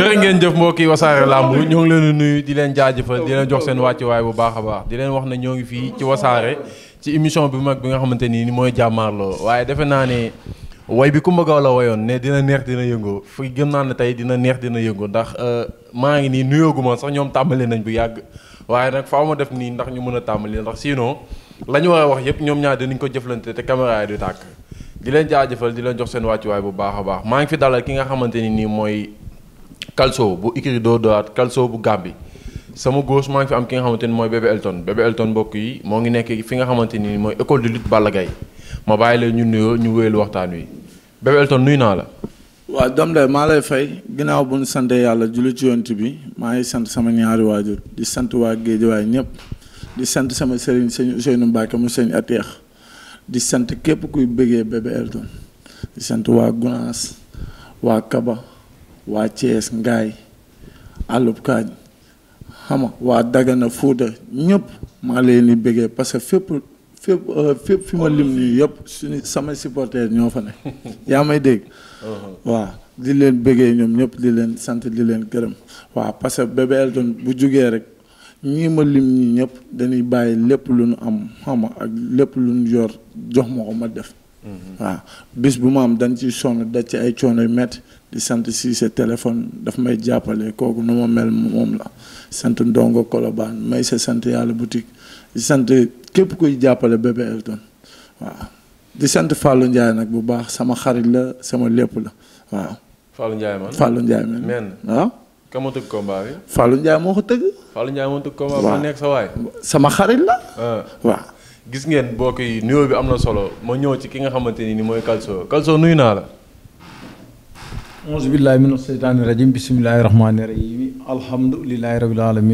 jërë ngeen jëf mbokki wasaare làmb ñoo ngi leen di nuyu di leen jaajëfal di leen jox seen wàccuwaay bu baax a baax di leen wax ne ñoo ngi fii ci wasaare ci émission bi mag bi nga xamante nii ni mooy jàmmaarloo waaye defe naa way bi Coumba Gawlo la ne dina neex dina yëngoo fi gëm naa ne tey dina neex dina yëngoo ndax euh, maa ngi nii nuyooguma sax ñoom tàmbali nañ bu yàgg waaye nag faaw ma def nii ñu mën a tàmbali ndax sinon la ñu war a wax yëpp ñoom ñaar dinañ ko jëflante te caméra yi tàkk di leen jaajëfal di leen jox seen wàccuwaay bu baax a baax maa ngi fi dalal ki nga xamante ni nii mooy Calcio bu Ikiri doo doyaat Calcio bu Gambie sama gauche maa ngi fi am ki nga xamante ni mooy bébé Elton bébé Elton mbokk yi moo ngi nekk fi nga xamante ni mooy école de lutte Balla Gaye ma bàyyi leen ñu nuyoo ñu wéyal waxtaan wi bébé Elton nuyu naa la. waa Dame Ndeye maa lay fay ginnaaw bu ñu sant yàlla julli ci yont bi maa ngi sant sama ñaari waajur di sant waa Géejawaay ñëpp di sant sama sëriñ sëñ Ousseynou Mbacke mu sëñ Ateex di sant képp kuy bëggee bébé Elton di sant waa Thiès Ngaay àllub kaañ xama waa Dagana Fuuta ñëpp maa leen di bëggee parce que fépp fépp euh, fépp fi ma lim nii yëpp suñu sama supporter ñoo fa ne yaa may dégg uh-huh. waa di leen bëggee ñoom ñëpp di leen sant di leen gërëm waa parce que Bébé Elton bu jugee rek ñii ma lim ñi ñëpp dañuy bàyyi lépp lu ñu am xama ak lépp lu ñu yor jox ma ko ma def mm-hmm. waaw bis bu ma am dañ ciy sonn daj ci ay coono yu métti di sant Cissé téléphone daf may jàppale kooku nu ma mel moom la sant ndongo kolobaan may sa sant yàlla boutique di sant képp kuy jàppale bébé Elton waaw di sant Fallou Ndiaye nag bu baax sama xarit la sama lépp la waaw. Fallou Ndiaye man Fallou Ndiaye man men waaw. ka ma moo ko tëgg. Fallou Ndiaye moo tëgg nekk sa waay. sama xarit la. Ah. waa gis ngeen boo koy nuyoo bi am na solo ma ñëw ci ki nga xamante ni mooy Kalso Kalso nuyu naa la. auzu billaahi mina seytaani rajiim bismillaahi rahmaani rahiim alhamdulillaahi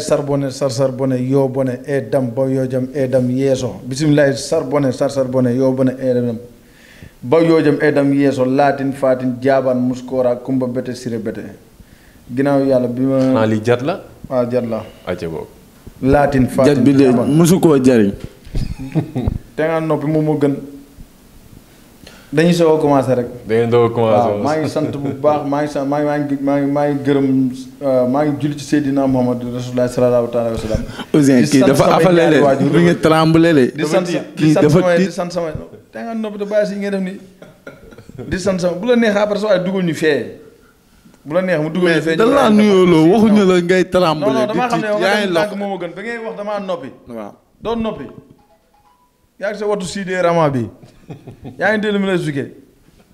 sar sarbone yoo bone e ba yoo jam e dam yeeso bisimilahi sarbone sar sarbone yoo bone e ba yoo jam e yeeso laatin faatin jaabaan muskoora kumba bete sire bete ginnaaw yàlla bi ma. xanaa li jat la. waaw jat la. ayca boobu. laatin fatin jat bi de mosu koo jariñ. te nga noppi moom moo gën. dañuy soog a commencé rek. da ngeen doog a maa ngi sant bu baax maa ngi sant maa ngi maa ngi maa ngi gërëm euh, maa ngi julli ci Seydina Muhammad Rasulullah sallallahu a wa sallam. Ouzin kii dafa affaire la mi ngi tremblé le. di sant kii dafa di sant sama yi ngeen def ni bu la neexee après sa dugal ñu fee. bu la neex mu dugal fee. dañ laa nuyoo loo waxuñu la ngay trembler. di tiit yaa ngi lox moo ma gën da ngay wax damaa noppi. waaw doon noppi. yaa ngi sa watu sidee rama bi yaa ngi déglu mu lay sukkee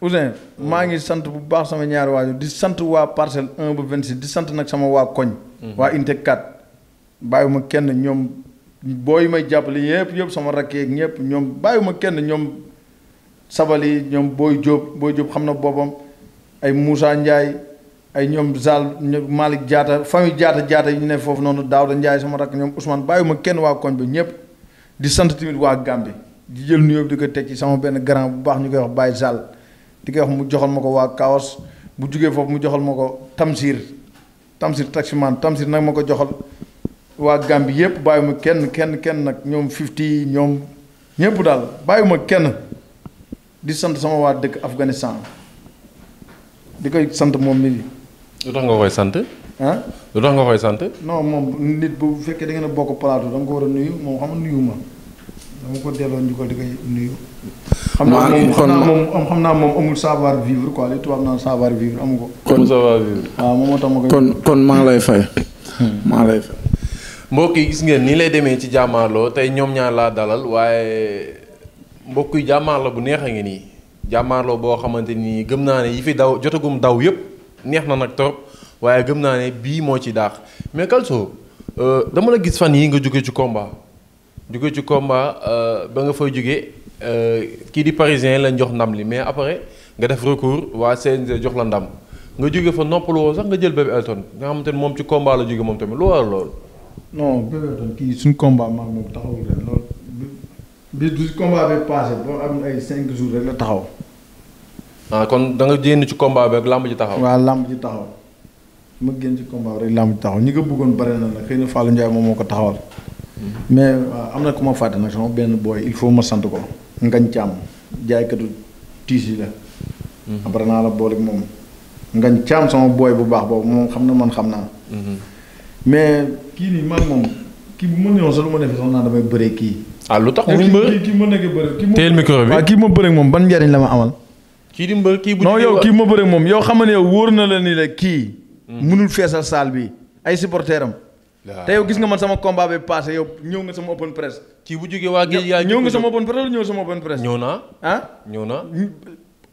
Ouzin maa ngi sant bu baax sama ñaari waajur di sant waa parcelle 1 ba 26 di sant nag sama waa koñ. Mhm. waa Inte 4. bàyyiwuma kenn ñoom booy may jàppale yëpp yëpp sama rakk yeeg ñëpp ñoom bàyyiwuma kenn ñoom sabali ñoom booy Jóob booy Jóob xam na boppam ay Moussa Ndiaye. ay ñoom Zal Malick Diatta famille Diatta jaata yi ñu ne foofu noonu Daouda Ndiaye sama rakk ñoom Ousmane ma kenn waa koñ bi ñëpp di sant tamit waa Gambie di jël nuyoo di ko teg ci sama benn grand bu baax ñu koy wax Baye Zal di wax mu joxal ma ko waa Kaos bu jugee foofu mu joxal ma ko Tamsir Tamsir taximan Tamsir nag ma ko joxal waa Gambie yëpp bàyyiwuma kenn kenn kenn nag ñoom fifty ñoom ñëpp daal bàyyiwuma kenn di sant sama waa dëkk Afghanistan di koy sant moom mi lu tax nga koy sant. ah lu tax nga koy sant. non moom nit bu fekkee da ngeen a bokk plateau da nga ko war a nuyu moom xam nga nuyu ma dama ko delloo ñu ko di koy nuyu. xam naa moom xam naa moom amul savoir vivre quoi li tubaab naan savoir vivre amu ko. kon savoir vivre. waaw ah, moom moo tax ma koy. kon kon maa lay fay. Hmm. maa lay fay. mbokk yi gis ngeen nii lay demee ci jàmmaarloo tey ñoom ñaar laa dalal waaye mbokk yi jàmmaarloo bu neex a ngi nii jàmmaarloo boo xamante ni gëm naa ne yi fi daw jotagum daw yëpp neex na nag trop. waaye gëm naa ne bii moo ci daax mais Kalso euh, dama la gis fan yi nga jóge ci komba jóge ci combat euh, ba nga fay jóge euh, kii di parisien lañ jox ndam li mais après nga def recours waa CNG jox la ndam nga jóge fa noppalu woo sax nga jël bébé Elton nga xamante ni moom ci combat la jóge moom tamit lu waral loolu. non bébé Elton kii suñ combat maag moom taxawul ren loolu am ay cinq jours rek la taxaw. ah kon danga nga ci combat bi ak làmb ji taxaw. waaw làmb ji taxaw. ma génn ci combat rek làmb taxaw ñi ko bëggoon bari na nag xëy na Fallou Ndiaye moom moo ko taxawal. mais am na ku ma fàtte nag sama benn booy il faut ma sant ko. Ngañ Thiam jaaykatu tiis yi la. Mm-hmm. après naa la boole moom. Ngañ Thiam sama booy bu baax boobu moom xam na man xam naa. Mm-hmm. mais kii nii man moom kii bu ma néewoon sax lu ma defee sax naa damay kii. ah lu tax muy ma nekk bëri kii bi kii ma bëree moom ban njariñ la ma amal. kii di kii bu non yow kii ma bëree moom yow xam nga ne yow wóor na la nii la kii. mënul mm-hmm. feesal salle bi ay supporter am. te yow gis nga man sama combat bi passé yow ñëw nga sama open press. kii bu jógee waa Géej yaa ñëw nga sama open press wala sama open press. ñëw naa ah ñëw naa.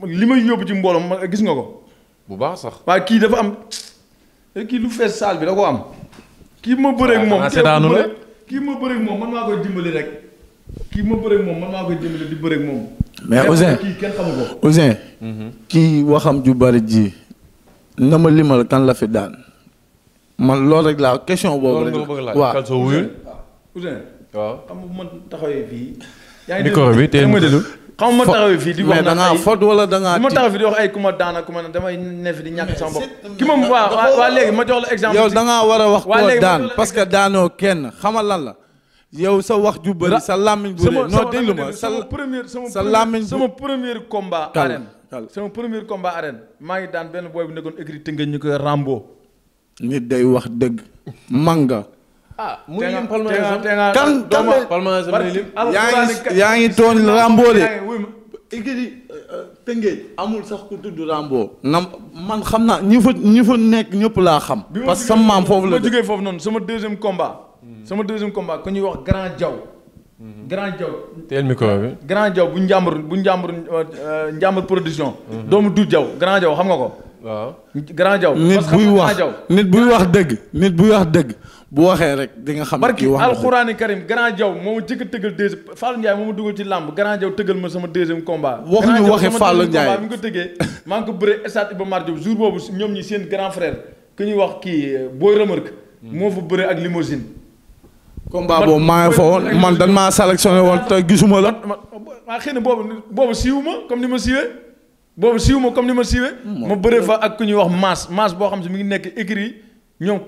li may yóbbu ci mbooloo ma gis nga ko. bu baax sax waaw kii dafa am eh, kii lu fees salle bi da ko am. kii ma bëreeg ah, moom ah, kii ma bëreeg moom man maa koy dimbali rek. kii ma bëreeg moom man maa koy dimbali di bëreeg moom. mais Ouzin kii kenn xamu ko. Ouzin. Mm-hmm. kii waxam ju bari ji. na ma limal kan la fi daan man loolu rek laa question boobu rek waaw Kalso bu ma taxawee fii. yaa ngi déglu xam ma taxawee fii dangaa fot wala taxaw fii di wax ay ku ma daana ku ma damay ne di ñàkk sama bopp ki moom waaw waa léegi ma jox la exemple. yow dangaa war a wax koo daan parce que daanoo kenn xamal lan la. yow sa wax ju bëri sa làmmiñ bu rëy. non déglu ma sa làmmiñ bu sama premier sama premier combat sama premier combat arène maa ngi daan benn booy bu nekkoon écrit tëngëj ñu koy Rambo. nit day wax dëgg. manga. ah muy lim palmarès yaa ngi tooñ Rambo de. écrit euh, euh, tëngëj amul sax ku tudd Rambo. na man xam naa ñi fa ñi fa nekk ñëpp laa xam. parce que sama maam foofu la. bi ma jógee foofu noonu sama deuxième combat. Hmm. sama deuxième combat ku ñuy wax Grand Diaw. Mhm. grand jaw teel micro bi grand jaw bu njàmbur bu njàmbur euh, euh, njàmbur production. Mhm. doomu du jaw grand jaw xam nga ko. waaw grand jaw nit buy wax nit buy wax dëgg nit buy wax dëgg bu waxee rek di nga xam barki alxuraani karim grand jaw moo ma jëkk a tëggal deuxième Fallou Ndiaye moo ma dugal ci làmb grand jaw tëggal ma sama deuxième combat waxuñu waxe Fallou Ndiaye bi nga ko tëggee maa ngi ko bëree stade Iba jour boobu ñoom ñi seen grand frère ku ñuy wax kii euh, booy remarque mhm. moo fa bëree ak limousine combat boobu maa fa woon man dañ maa sélectionné woon te gisuma la. maa xëy na boobu boobu siiw ma comme ni ma siiwee boobu siiw ma comme ni ma siiwee. Hmm. ma bëree fa ak ku ñuy wax maas maas boo xam si mi ngi nekk écrit ñoom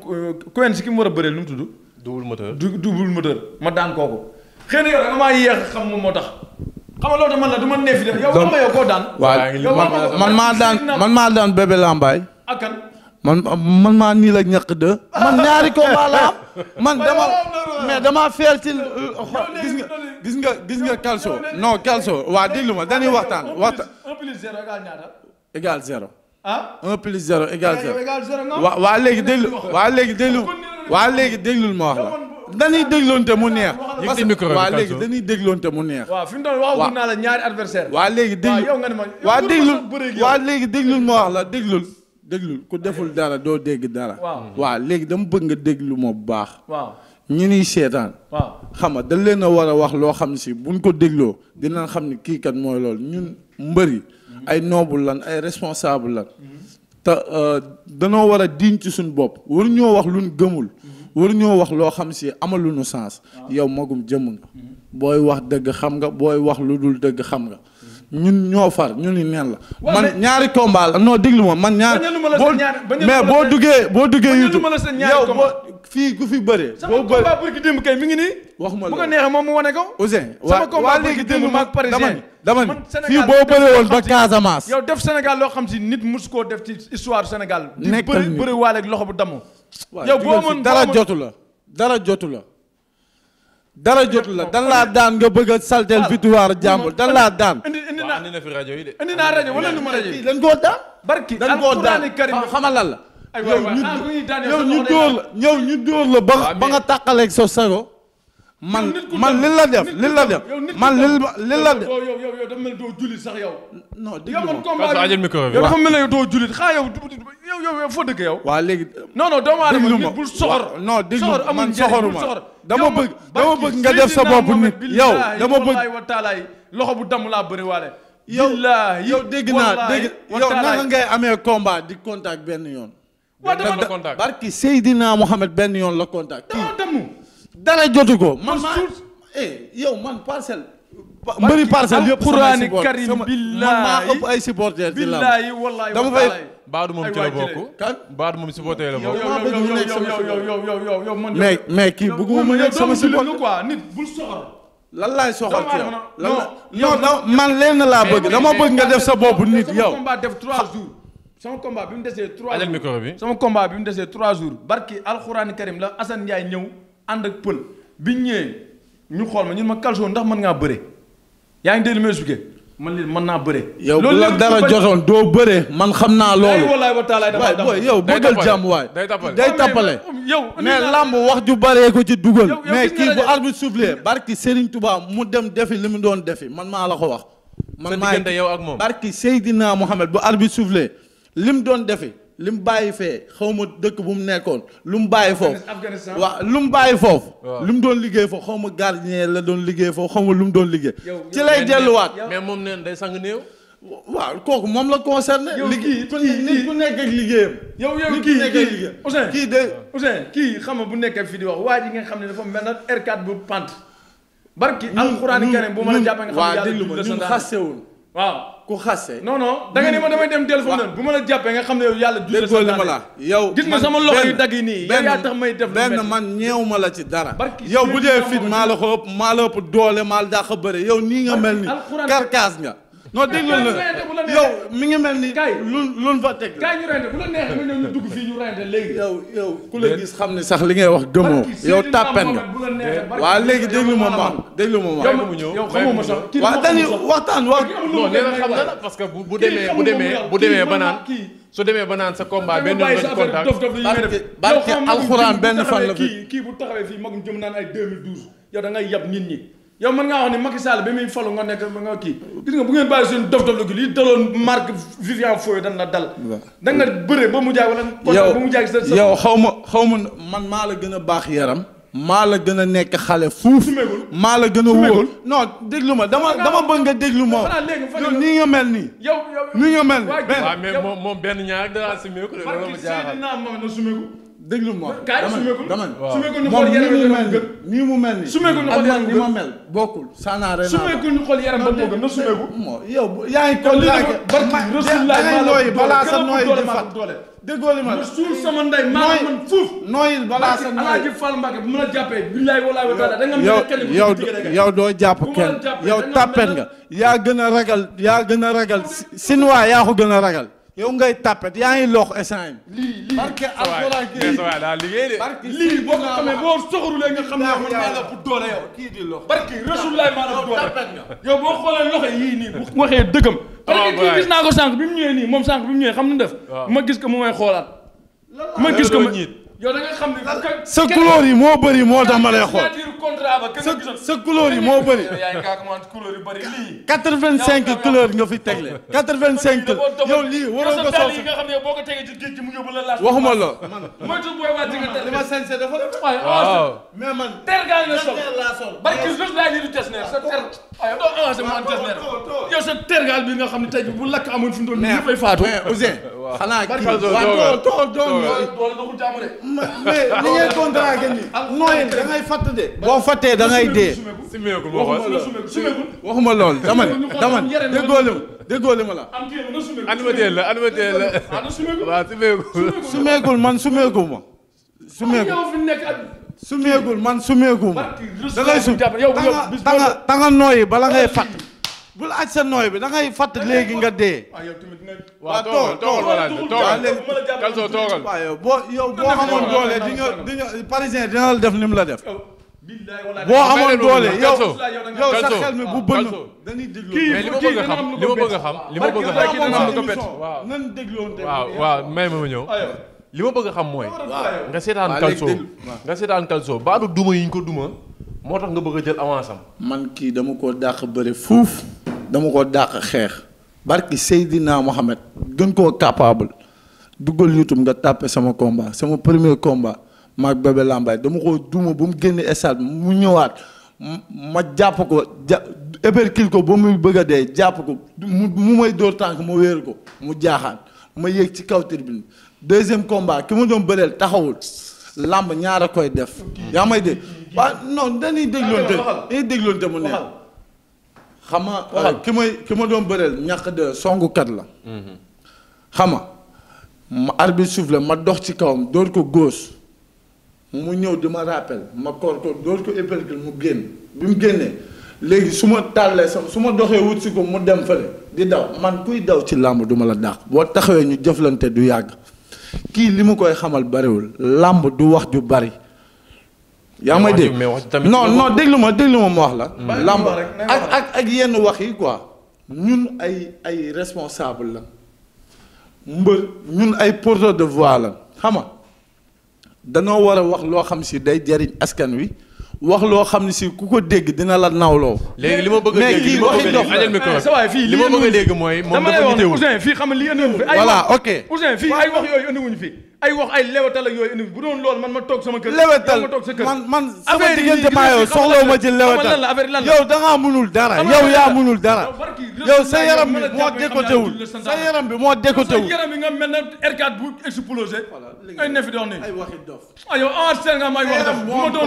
Coen euh, si ki mu war a bëree nu mu tudd. double moteur du double moteur ma daan kooku. xëy na yow danga xam moom moo tax. xam nga loolu man la du ma neef yow xam nga yow koo daan. waaw man maa daan man maa daan bébé lambaay. man man maa nii la ñàkk de. man ñaari ko la man dama mais dama feel ci euh, gis nga gis nga gis nga calcio non calcio waa déglu ma dañuy waxtaan waxtaan. un plus zéro égal ñaata. égal zéro. ah un plus zéro égal zéro. waa waa léegi déglu waa léegi déglu waa léegi déglul ma wax la. dañuy dégloonte mu neex. parce que waa léegi dañuy dégloonte mu neex. waaw fi mu doon waxagul naa la ñaari adversaire. waa léegi déglu waa yow nga ne ma. waa léegi déglul ma wax la déglul. déglu ku deful dara doo dégg dara. waa léegi dama bëgg nga déglu ma bu baax. waaw ñu ni seetaan. waaw xam nga dañ leen war a wax loo xam si buñ ko dégloo dina xam ni kii kat mooy lool ñun mbëri ay noble lan ay responsable lan. te euh, danoo war a diñ ci suñu bopp ñoo wax luñ gëmul. waruñoo wax loo xam si amaluñu sens. yow magum jëm nga. booy wax dëgg xam nga booy wax lu dul dëgg xam nga. ñun ñoo far ñun ñu neen la. man ñaari combat la noo déglu ma man. ñaar mais boo duggee boo duggee. YouTube yow boo fii ku fi bëree. boo bëree sama combat pour ki démb kay mi ngi nii. waxuma la bu ko neexee moom mu wane ko. Ousseyn sama combat pour ki démb maag parisien dama ni fii boo bëree woon ba Casamance. yow def Sénégal loo xam si nit mus koo def ci histoire Sénégal. nekkal ñu di bëri bëri waale ak loxo bu damm. yow boo amoon dara jotu la dara jotu la. dara jotu la dan laa daan nga bëgg a saltel victoire jàmbur dan laa daan naa andi na fi rajo yi de. andi naa rajo wala nu ma rajo yi dañ koo daan. barki alquraan karim ah, xamal lan la. aywa yow ñu ah, la yow ñu ba ba nga tàqaleeg sa sago. man la def li la def man la def. yow yow yow dafa mel doo jullit sax yow. non dégg nga moom yow micro bi yow dafa mel ne doo jullit xaa yow yow yow foo dëkk yow. waa léegi non non doomu aadama nit bul soxor. non dégg man soxoruma dama bëgg dama bëgg nga def sa bopp nit yow dama bëgg. loxo bu damm laa bëri waale. yow yow dégg naa dégg yow naka ngay amee combat di contact benn yoon. waaw dama la contact barki Seydina Mohamed benn yoon la contact. dama dara jotu ko. man ma eh yow man parcelle. mbëri parcelle yëpp alquraani karim billaahi man maa ëpp ay dama fay baadu moom ci la bokk kan baadu moom supporter la bokk yow yow yow yow yow lan laay soxal la yow lan non non man lenn laa bëgg dama bëgg nga def sa bopp nit yow. combat def 3 jours. sama combat bi mu desee 3 jours bi. sama combat bi mu desee 3 jours barki alxuraani karim la Assane Ndiaye ñëw ànd ak pël bi ñëwee ñu xool ma ñu ma calcio ndax mën ngaa bëre yaa ngi déglu ma expliqué man leen mën naa bëre. yow bu la dara jotoon doo bëre man xam naa loolu. waay booy yow bëggal jàmm waay. day tappale yow mais làmb wax ju baree ko ci dugal. mais kii bu arbitre soufflé barki Serigne Touba mu dem defi li mu doon defi man maa la ko wax. man maa yow ak moom barki Seydina Mohamed bu arbitre soufflé li mu doon defi. li mu bàyyi fee xaw ma dëkk bu mu nekkoon lu mu bàyyi foofu. waaw lu mu bàyyi foofu. lu mu doon liggéey foofu xaw ma gardien la doon liggéey foofu xaw ma lu mu doon liggéey. ci lay delluwaat. mais moom neen day sang néew. waaw kooku moom la concerné. liggéey kii ku nekk ak liggéeyam. yow yow kii kii Ousseyn kii de Ousseyn kii xam ma bu nekkee fii di wax waa ji nga xam ne dafa mel na R4 bu pant barki alxuraani karim bu mën a jàppee nga xam ne yàlla déglu ma ñun xasewul waaw ku xase. non non da nga ni ma damay dem dellu fa mu bu ma la jàppee nga xam ne yow yàlla. juge sa daan la yow gis ma sama loxo yu dagg yi nii. yow yaa tax may def lu benn man ñeew ma la ci dara. yow bu dee fit maa la ko ëpp maa la ëpp doole maa la dàq bëre yow nii nga mel ni. karkaas nga. non dégg nga yow mi ngi mel ni. kay lu lu fa teg kay ñu reyante bu la neexee nga ñëw ñu dugg fii ñu reyante léegi. yow yow ku la gis xam ne sax li ngay wax gëmoo. yow tàppen nga waa léegi déglu ma ma déglu ma ma. yow xamoo ma sax kii waaw dañuy waxtaan wax. parce que bu bu demee bu demee bu demee ba naan su demee ba naan sa combat benn yoon nga contact. barke alxuraan benn fan la fi kii bu taxawee fii magum jëm naan ay 2012 yow da ngay yab nit ñi yow mën ngaa wax ni Macky Sall bi muy falu nga nekk nga kii gis nga bu ngeen bàyyi seen dof dof la gi li daloon Marc Vivian Foy dañ la dal da nga bëre ba mu jaay wala mu jaay sa yow xaw ma xaw ma man maa la gën a baax yaram maa la gën a nekk xale fuuf maa la gën a wóor no déglu ma dama dama bëgg nga déglu ma nii nga mel nii yow nii nga mel nii mais moom benn ñaar da la sumeeku loolu ma jaaxal déglu ma dama dama moom nii mu mel nii su meekul ñu xool yaram ni ma mel bokkul. saanaare naa su meekul ñu xool yaram ba moo gën na su meeku. yow yaa ngi ko laajte barki balaa sa nooyi di fat déggoo li ma la suuf sama ndey maa ngi mën fuuf. nooyil balaa sa nooyi Alaaji Fall la jàppee billaay walaay wa taala da nga yow doo jàpp kenn yow tàppet nga yaa gën a ragal yaa gën a ragal sinuwaa yaa ko gën a ragal yow ngay tapet yaa ngi lox instant yi. lii lii barke alxuraan lii boo ko xamee boo soxorulee nga xam naa yow maa la bu doole yow. kii di lox barke Rasulullah maa la bu doole yow boo xoolee yii nii bu waxee dëggam. parce oh, kii gis naa ko sànq bi mu ñëwee nii moom sànq bi mu ñëwee xam nu def. ma gis ko mu may xoolaat. ma gis ko ma yow da nga xam ne sa couleur yi moo bëri moo tax ma lay xool sa couleur yi moo bëri. quatre vingt cinq couleur nga fi tegle quatre vingt cinq yow lii waroon nga soog nga xam ne boo ko tegee ci géej gi mu yóbbu la laaj waxuma la moytu booy waa di nga li ma sañse dafa waaw mais man ter gaa nga sol barki juste laa du tes neer sa ter waaye doo avancé man tes neer yow sa ter gaal bi nga xam ne tey bu lakk amoon fi mu doon ñëppay faatu Ouzin xanaa kii waaw tool tool doon loolu doxul jàmm de mais li ngay contracté nii. Ah, nooy ah, da ngay fatt de. boo fattee da ngay dee. sumeeku boo waxuma lool dama ne dama ne déggoo li ma déggoo li ma la. animateur la animateur la. Ah, waaw sumeeku. sumeekul man sumeeku ma. sumeeku sumeekul man sumeeku ma. da ngay sum da nga da nga nooyi bala ngay fatt. bul àcc sa nooy bi da ngay fàtt léegi nga dee. waaw ah, yow tamit dinañ. waaw toogal toogal Kalso toogal. yow boo yow boo xamoon doole di nga di nga parisien dina la def ni mu la def. boo xamoon doole yow yow sa xel bu bënn. dañuy déglu kii kii am bëgg xam li ma bëgg a xam li ma bëgg a xam dina am lu ko bett. li ma bëgg a xam mooy. nga seetaan Kalso nga seetaan Kalso baadu duma yi ñu ko duma. moo tax nga bëgg a jël avance am. man kii dama ko dàq bëre fuuf dama ko dàq xeex barki Seydina Mohamed gën koo capable duggal YouTube nga tàppe sama komba sama premier komba maag Bébé Lambaye dama ko duuma bu mu génne stade mu ñëwaat ma jàpp ko ja ko ba muy bëgg a dee jàpp ko mu may dóor tànk ma wéer ko mu jaaxaan ma yéeg ci kaw tribune deuxième combat ki ma doon bëreel taxawul làmb ñaar a koy def yaa may dégg waaw non dañuy dégloonte dañuy dégloonte mu neex xam nga euh, ki may ki ma doon bëreel ñàkk de songukat la mhm. xam nga ma arbitre souffle ma dox ci kawam dóor ko góos mu ñëw di ma rappel ma koor ko dóor ko épercule mu génn bi mu génnee léegi su ma tàllee sama su ma doxee wut si ko mu dem fële di daw man kuy daw ci làmb du ma la dàq boo taxawee ñu jëflante du yàgg kii li mu koy xamal bariwul làmb du wax ju bari yaa may dégg non noon déglu ma déglu ma mu wax la. làmb ak ak ak yenn wax yi quoi ñun ay ay responsable la mbër ñun ay porteur de voix la xam nga danoo war a wax loo xam si day jariñ askan wi wax loo xam ne si ku ko dégg dina la nawloo. léegi li ma bëgg a dégg li ma bëgg a dégg li ma bëgg a dégg mooy moom dafa ñu teewul. voilà ok Ouzin fii ay wax yooyu andi fi ay wax ay lewetal ak yooyu indi bu doon loolu man ma toog sama kër. lewetal man man sama diggante maa yow soxlawuma ci lewetal yow da munul dara yow yaa munul dara yow sa yaram bi moo décoté wul sa yaram bi moo décoté wul. sa yaram bi doon nii. ah yow en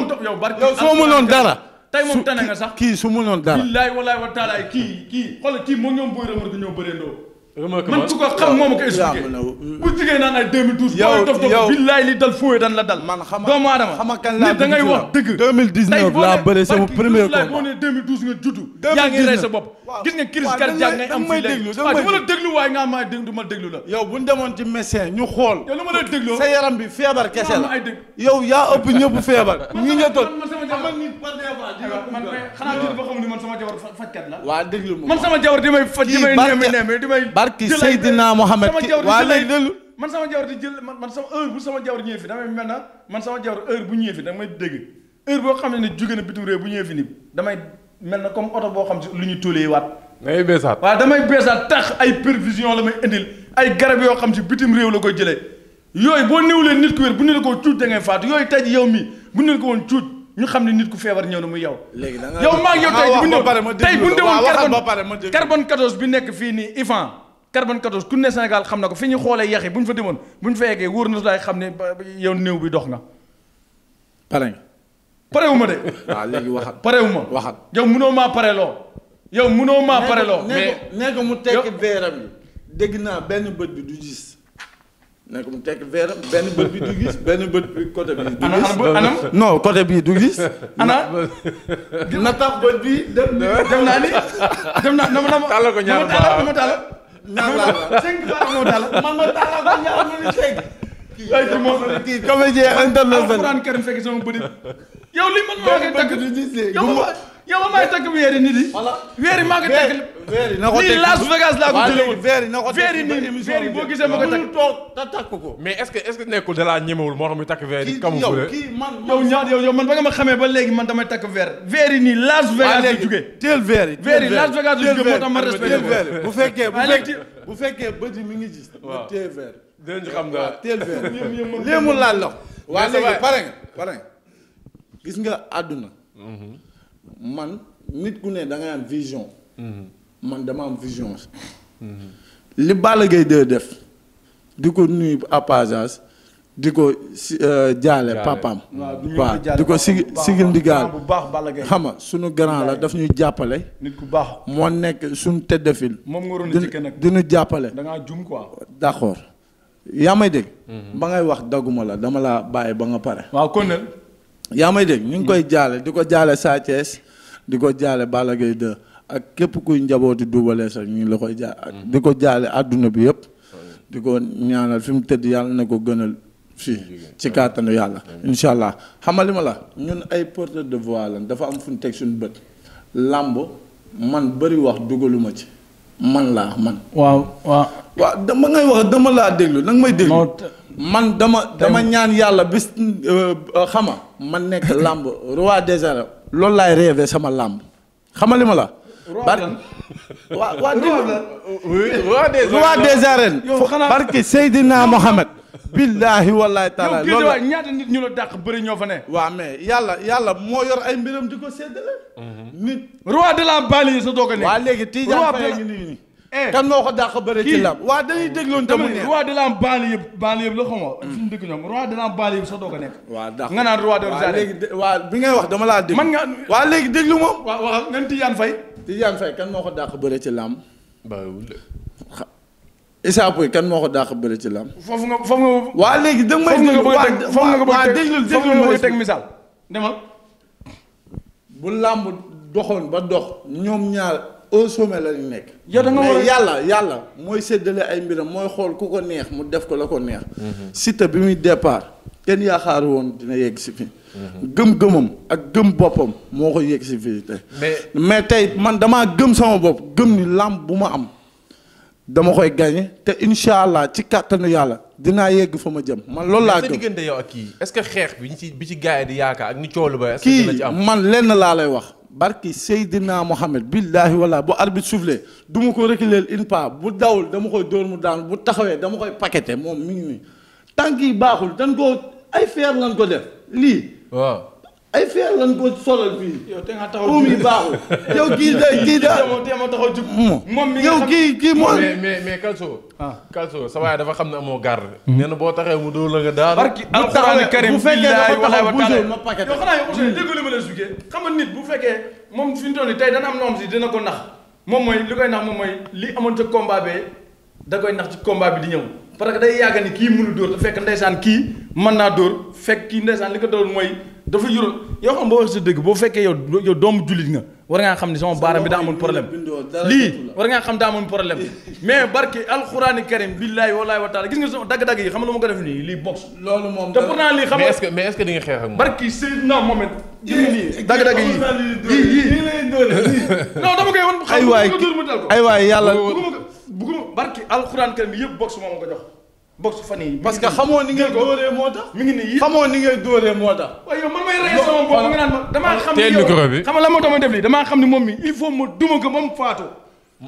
tout cas wax def soo munoon dara. tey moom tane sax kii su munoon dara. billaay walaay wa taalaay kii kii kii moom ñoom booy remarque ñoo bëree ndoo. remarquement man su ko xam moom ko expliqué bu jigéen naan ay 2012. yow yow billaay li dal fooyee dan la dal. man xam nga doomu aadama xam nga nit da ngay wax dëgg. 2019 laa bëre sama premier combat boo nee 2012 nga juddu. 2019 yaa ngi rey sa bopp. gis nga crise cardiaque ngay am fii léegi waaw du ma la déglu waaye nga ma déglu du ma déglu la. yow bu ñu demoon ci médecin ñu xool. yow lu ma la dégloo sa yaram bi feebar kese la. yow yaa ëpp ñëpp feebar. ñi nga toog man sama jabar di may faj di may barki Seydina Mohamed waa léegi déglu man sama jawar di jël man sama heure bu sama jawar ñëwee fi damay mel na man sama jawar heure bu ñëwee fi damay dégg heure boo xam ne ni jóge na bitim réew bu ñëwee fi nii damay mel na comme oto boo xam si lu ñu tóolee waat ngay beesaat waaw damay beesaat tax ay prévision la may indil ay garab yoo xam si bitim réew la koy jëlee yooyu boo néewlee nit ku wér bu ñu la ko cuuj da ngay faatu yooyu tey yow mi bu ñu la ko woon cuuj ñu xam ne nit ku feebar ñëw na muy yow yow maa ngi yow tey bu ñu tey bu ñu demoon carbone carbone 14 bi nekk fii nii ifan carbone 14 ku ne Sénégal xam na ko fi ñu xoolee yax yi bu ñu fa demoon bu ñu fa eggee wóor na laay xam ne yow néew bi dox nga. pare nga. pare wu ma de. waaw ah, léegi waxat pare wu ma waxat. yow munoo maa pare loo. yow munoo maa pare loo. mais mu tekki veeram yi. dégg naa benn bët bi du gis. nee ko mu tekki veeram benn bët bi du gis benn bët bi côté bi du gis. bii du gis. ana. na tax bët bi dem naa ni dem naa na ma na ko ñaar ma tàllal ma tàllal. la la cinq baaraam moo taal man ma taal ak ñaar ma waaye ci moom kii ka ma jeexantal la alxuraan karim fekk sama yow li man ma waxee takk yow maa ngi takk lii Las Vegas laa ko jëlewul weeri na ko ko bu fekkee bu mi ngi gis teel dinañ xam daal teel benn lii mu laal la. waa léegi pare nga pare nga gis nga àdduna. Mm-hmm. man nit ku ne da nga am vision. Mm-hmm. man dama am vision. Mm-hmm. li Balla Gaye 2 def di ko nuyu à passage di ko si euh, jaale papaam. waa di ko si sigil ndigaal bu baax Balla Gaye xam nga sunu grand la daf ñuy jàppale. nit ku baax moo nekk sunu tête de moom nga waroon a nag dinu jàppale. da ngaa jum quoi. d'accord. yaa may dégg. Mhm. ba ngay wax dagguma la dama la bàyyi ba nga pare. waaw kon yaa may dégg ñu ngi koy mhm. jaale di ko jaale Sa di ko jaale Balla Gaye 2 ak képp kuy njabooti Double Less ak ñu ngi la koy jaale. Mhm. di ko jaale àdduna bi yëpp. di ko ñaanal fi mu tëdd yàlla na ko gënal fii ci kàttanu yàlla. incha allah xamali ma la ñun ay porteurs de voix lañ dafa am fu ñu teg suñu bët. làmb man bari wax dugaluma ci. man laa man. waaw waaw. waaw dama ngay laa déglu nag may déglu. man dama dama ñaan yàlla bis euh, euh, xama man nekk làmb roi des arènes loolu laay rêvé sama làmb xamali ma la. roi des arènes. roi Seydina Mohamed. billaahi wallaahi taala loolu la ñaata nit ñu la dàq bëri ñoo fa ne. yàlla yàlla moo yor ay mbiram di ko séddale. Mhm. nit roi de la banlieue sa doog a ne. waa léegi Tidiane Faye eh. moo ko dàq bëri ci waa dañuy dégloon te mu ne roi de yëpp banlieue yëpp la xaw ma mm. suñu dëkk ñoom roi de la banlieue yëpp sax doo ko nekk waa bi ngay wax dama laa dégg man nga waa léegi déglu moom waaw waxal nga Tidiane Faye Tidiane Faye kan moo ko dàq bëri ci lam bawul Issa Pouye kan moo ko dàq bëri ci lamb. foofu nga foofu nga. waa léegi da nga may foofu a teg a teg misaal demal. bu làmb doxoon ba dox ñoom ñaar au sommet la ñu nekk. yow yàlla yàlla mooy séddale ay mbiram mooy xool ko neex mu def ko la ko neex. Mhm. Siteu bi muy départ kenn yaakaar woon dina yegg si fi. Mhm. ak gëm boppam moo ko yegg si fii mais tey man damaa gëm sama bopp gëm ni làmb bu ma am. dama koy gagné te incha allah ci kàttanu yàlla dinaa yegg fa ma jëm man loolu laa gëm diggante yow ak kii est-ce que xeex bi ñu ci bi ci gars yi di yaakaar ak ni coolu ba kii man lenn laa lay wax barki Seydina Mohamed billahi wala bu arbitre soufflé du ma ko reculer une pas bu dawul dama koy dóor mu daan bu taxawee dama koy paqueté moom mi ngi nii tànk baaxul dañ ko ay feer lañ ko def lii ay feer lan ko solal fii. yow te nga taxaw jub yi baaxul. yow kii day kii da moom mi yow kii kii moom. mais mais mais Kalso. ah Kalso sa dafa xam ne amoo garde. Hmm. nee na boo taxee nga daal. bu fekkee dafa taxaw bu jël ma paquet. yow xanaa yow aussi bu fekkee moom fi tey dana am loo xam si ko nax moom mooy li koy nax moom mooy li amoon ca combat da koy nax ci combat bi di ñëw. parce que day yàgg ni kii mënul dóor te fekk ndeysaan kii mën naa dóor fekk kii ndeysaan li ko doon mooy dafa yura yow xam boo wax sa dëgg boo fekkee yow yow doomu jullit nga war ngaa xam ne sama baaram bi daa amoon problème lii war ngaa xam daa amoon problème mais barke alxuraani karim billaahi wallaahi wa taala gis nga sama dagg-dagg yi xam nga lu ma ko def nii lii box loolu moom te pourtant lii xam dagg-dagg yi dama koy ay waay yàlla bugguma barki alxuraan karim bi yëpp box moom ko jox box fan yii. parce que xamoo ni ngay dóoree moo tax. mi ngi nii xamoo ni ngay dóoree moo tax. waaye yow man may rey sama bopp nga naan ma damaa xam ni moo tax ma def lii moom mi il faut ma duma ko ba mu faatu.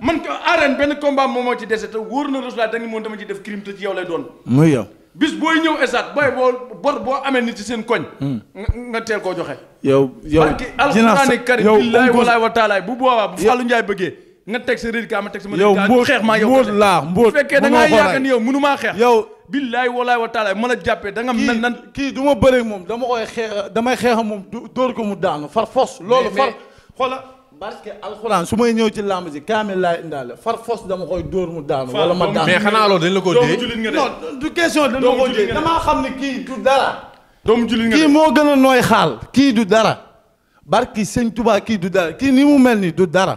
man ko arène benn combat moom moo ci dese te wóor na Rasulullah da nga moom dama ci def crime te ci yow lay doon. muy yow. bis booy ñëw esaat booy boo bor boo amee nit ci seen koñ. Hmm. nga teel koo joxe. yow yow dinaa sa yow alxuraan kari billaahi walaahi taalaay bu boobaa bu Fallou Ndiaye nga teg sa reliquat ma teg ma yow mbóot xeex maa yow mbóot laa mbóot fekkee da ngaa yaakaar ni yow mënu maa xeex yow billaay walaay wa taala ma la jàppee da mel nan kii du ma bëre moom dama koy xeex damay xeex moom dóor ko mu daanu far fos loolu far xoola barke alxuraan su may ñëw ci làmb ji kaamil laa ndaal far fos dama koy dóor mu daanu wala ma daanu mais xanaa loolu dañ la ko dee non du question dañ la kii du dara doomu jullit nga kii moo gën a nooy xaal kii du dara barki sëñ tubaa kii du dara kii ni mu mel ni du dara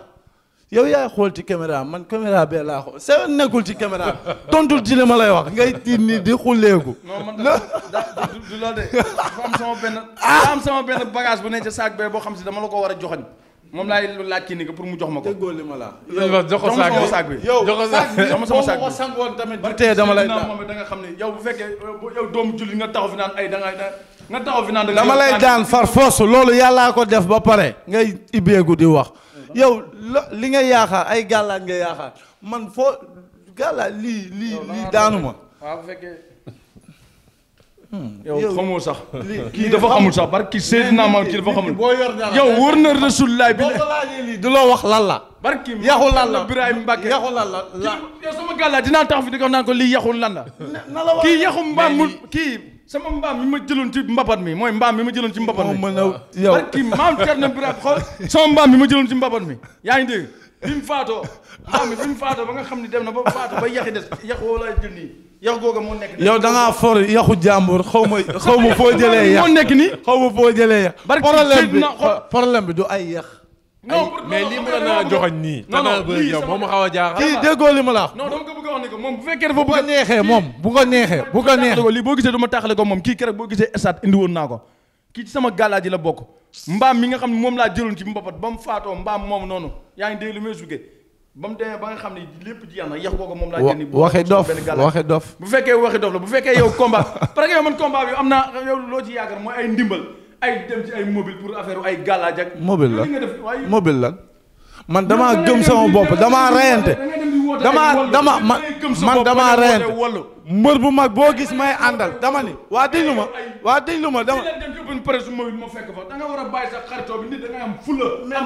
yow yaay xool ci caméra man caméra bee laa xool sa nekkul ci caméra tontul ci li ma lay wax ngay tiit nii di xulleeku. non man du loolu de dafa am sama benn. am sama benn bagage bu ne ca saak bee boo xam si dama la ko war a joxoñ moom laay laaj kii nii que pour mu jox ma ko. déggoo li la. yow jox ko saag bi yow jox ko saag bi yow saag bi tamit. bu tee dama lay daan moom da xam ne yow bu fekkee yow doomu julli nga taxaw naan ay da nga nga taxaw fi naan. dama lay daan far force loolu yàllaa ko def ba pare. ngay ibbeegu di wax. yow li nga yaakaar ay gàllaaj nga yaakaar man foo gàllaaj lii lii lii daanu ma. Hmm. yow xamoo sax kii dafa xamul sax barki Seydina ma kii dafa xamul yow wóor na Rasulullah bi lii du wax lan la barki yaxul lan la Birahim Mbacke yaxul lan la yow sama dinaa tax fi di ko naan ko lii yaxul lan la kii yaxu mbaam mu kii sama mbaam mi ma jëloon ci mbapat mi mooy mbaam mi ma jëloon ci mbapat mi mën na yow barki maam Cerno Birahim xool sama mbaam mi ma jëloon ci mbapat mi yaa ngi dégg mu faatoo mbaam mi bi faatoo ba nga xam ni dem na ba faatoo ba yaxi des yax woo laa jël nii yax googa moo nekk yow da ngaa for yaxu jàmbur xaw ma xaw ma foo jëlee yax moo nekk nii xaw ma foo jëlee yax problème bi problème bi du ay yax non mais lii mën naa joxoñ nii. non non yow moom xaw a jaaxal. kii déggoo li ma a wax bu fekkee dafa bëgg a. bu neexee moom bu ko neexee bu ko neexee. lii boo gisee du taaxale ko moom kii keroog boo gisee stade indi naa ko kii ci sama gàllaa la bokk mbaam mi nga xam ne moom laa jëloon ci mbapat ba mu faatoo mbaam moom noonu yaa ngi dégg lu may suge ba mu demee ba nga xam ne lépp ji yàlla yàq kooku moom laa jëndi. waxe dof waxe dof bu fekkee waxe dof la bu fekkee yow combat parce que yow man combat bi am naa yow loo ci yaakaar ay dem ci ay mobile pour affaire ay galaaj ak. mobile la mobile la man damaa gëm sama bopp damaa reyante. damaa dama man damaa reyante mbër bu mag boo gis may àndal dama ni. waa déglu ma waa déglu ma dama. mais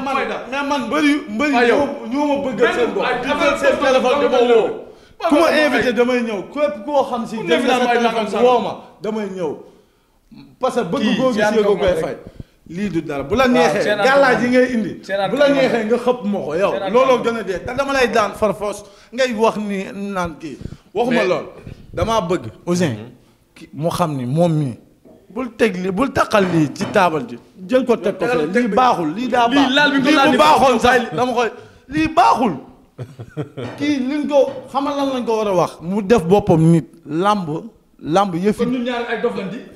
man mais man mbër yu mbër yu ñoo ma bëggal seen bopp seen téléphone dama woo ku ma invité damay ñëw képp koo xam si. dégg naa téléphone ma damay ñëw. parce que bëgg koo gis yëg koy fay lii du dara bu la neexee gàllaaj yi ngay indi bu la neexee nga xëpp ma ko yow looloo gën a dee te dama lay daan farfoos ngay wax ni naan kii waxuma lool dama bëgg Ouzin mhm. mu xam ni moom mii bul teg lii bul taqal lii ci taabal ji jël ko teg ko fee lii baaxul lii daa baax lii bu baaxoon sax dama koy lii baaxul kii liñ ko xamal lan lañ ko war a wax mu def boppam nit làmb lamb yëf yi kon ñun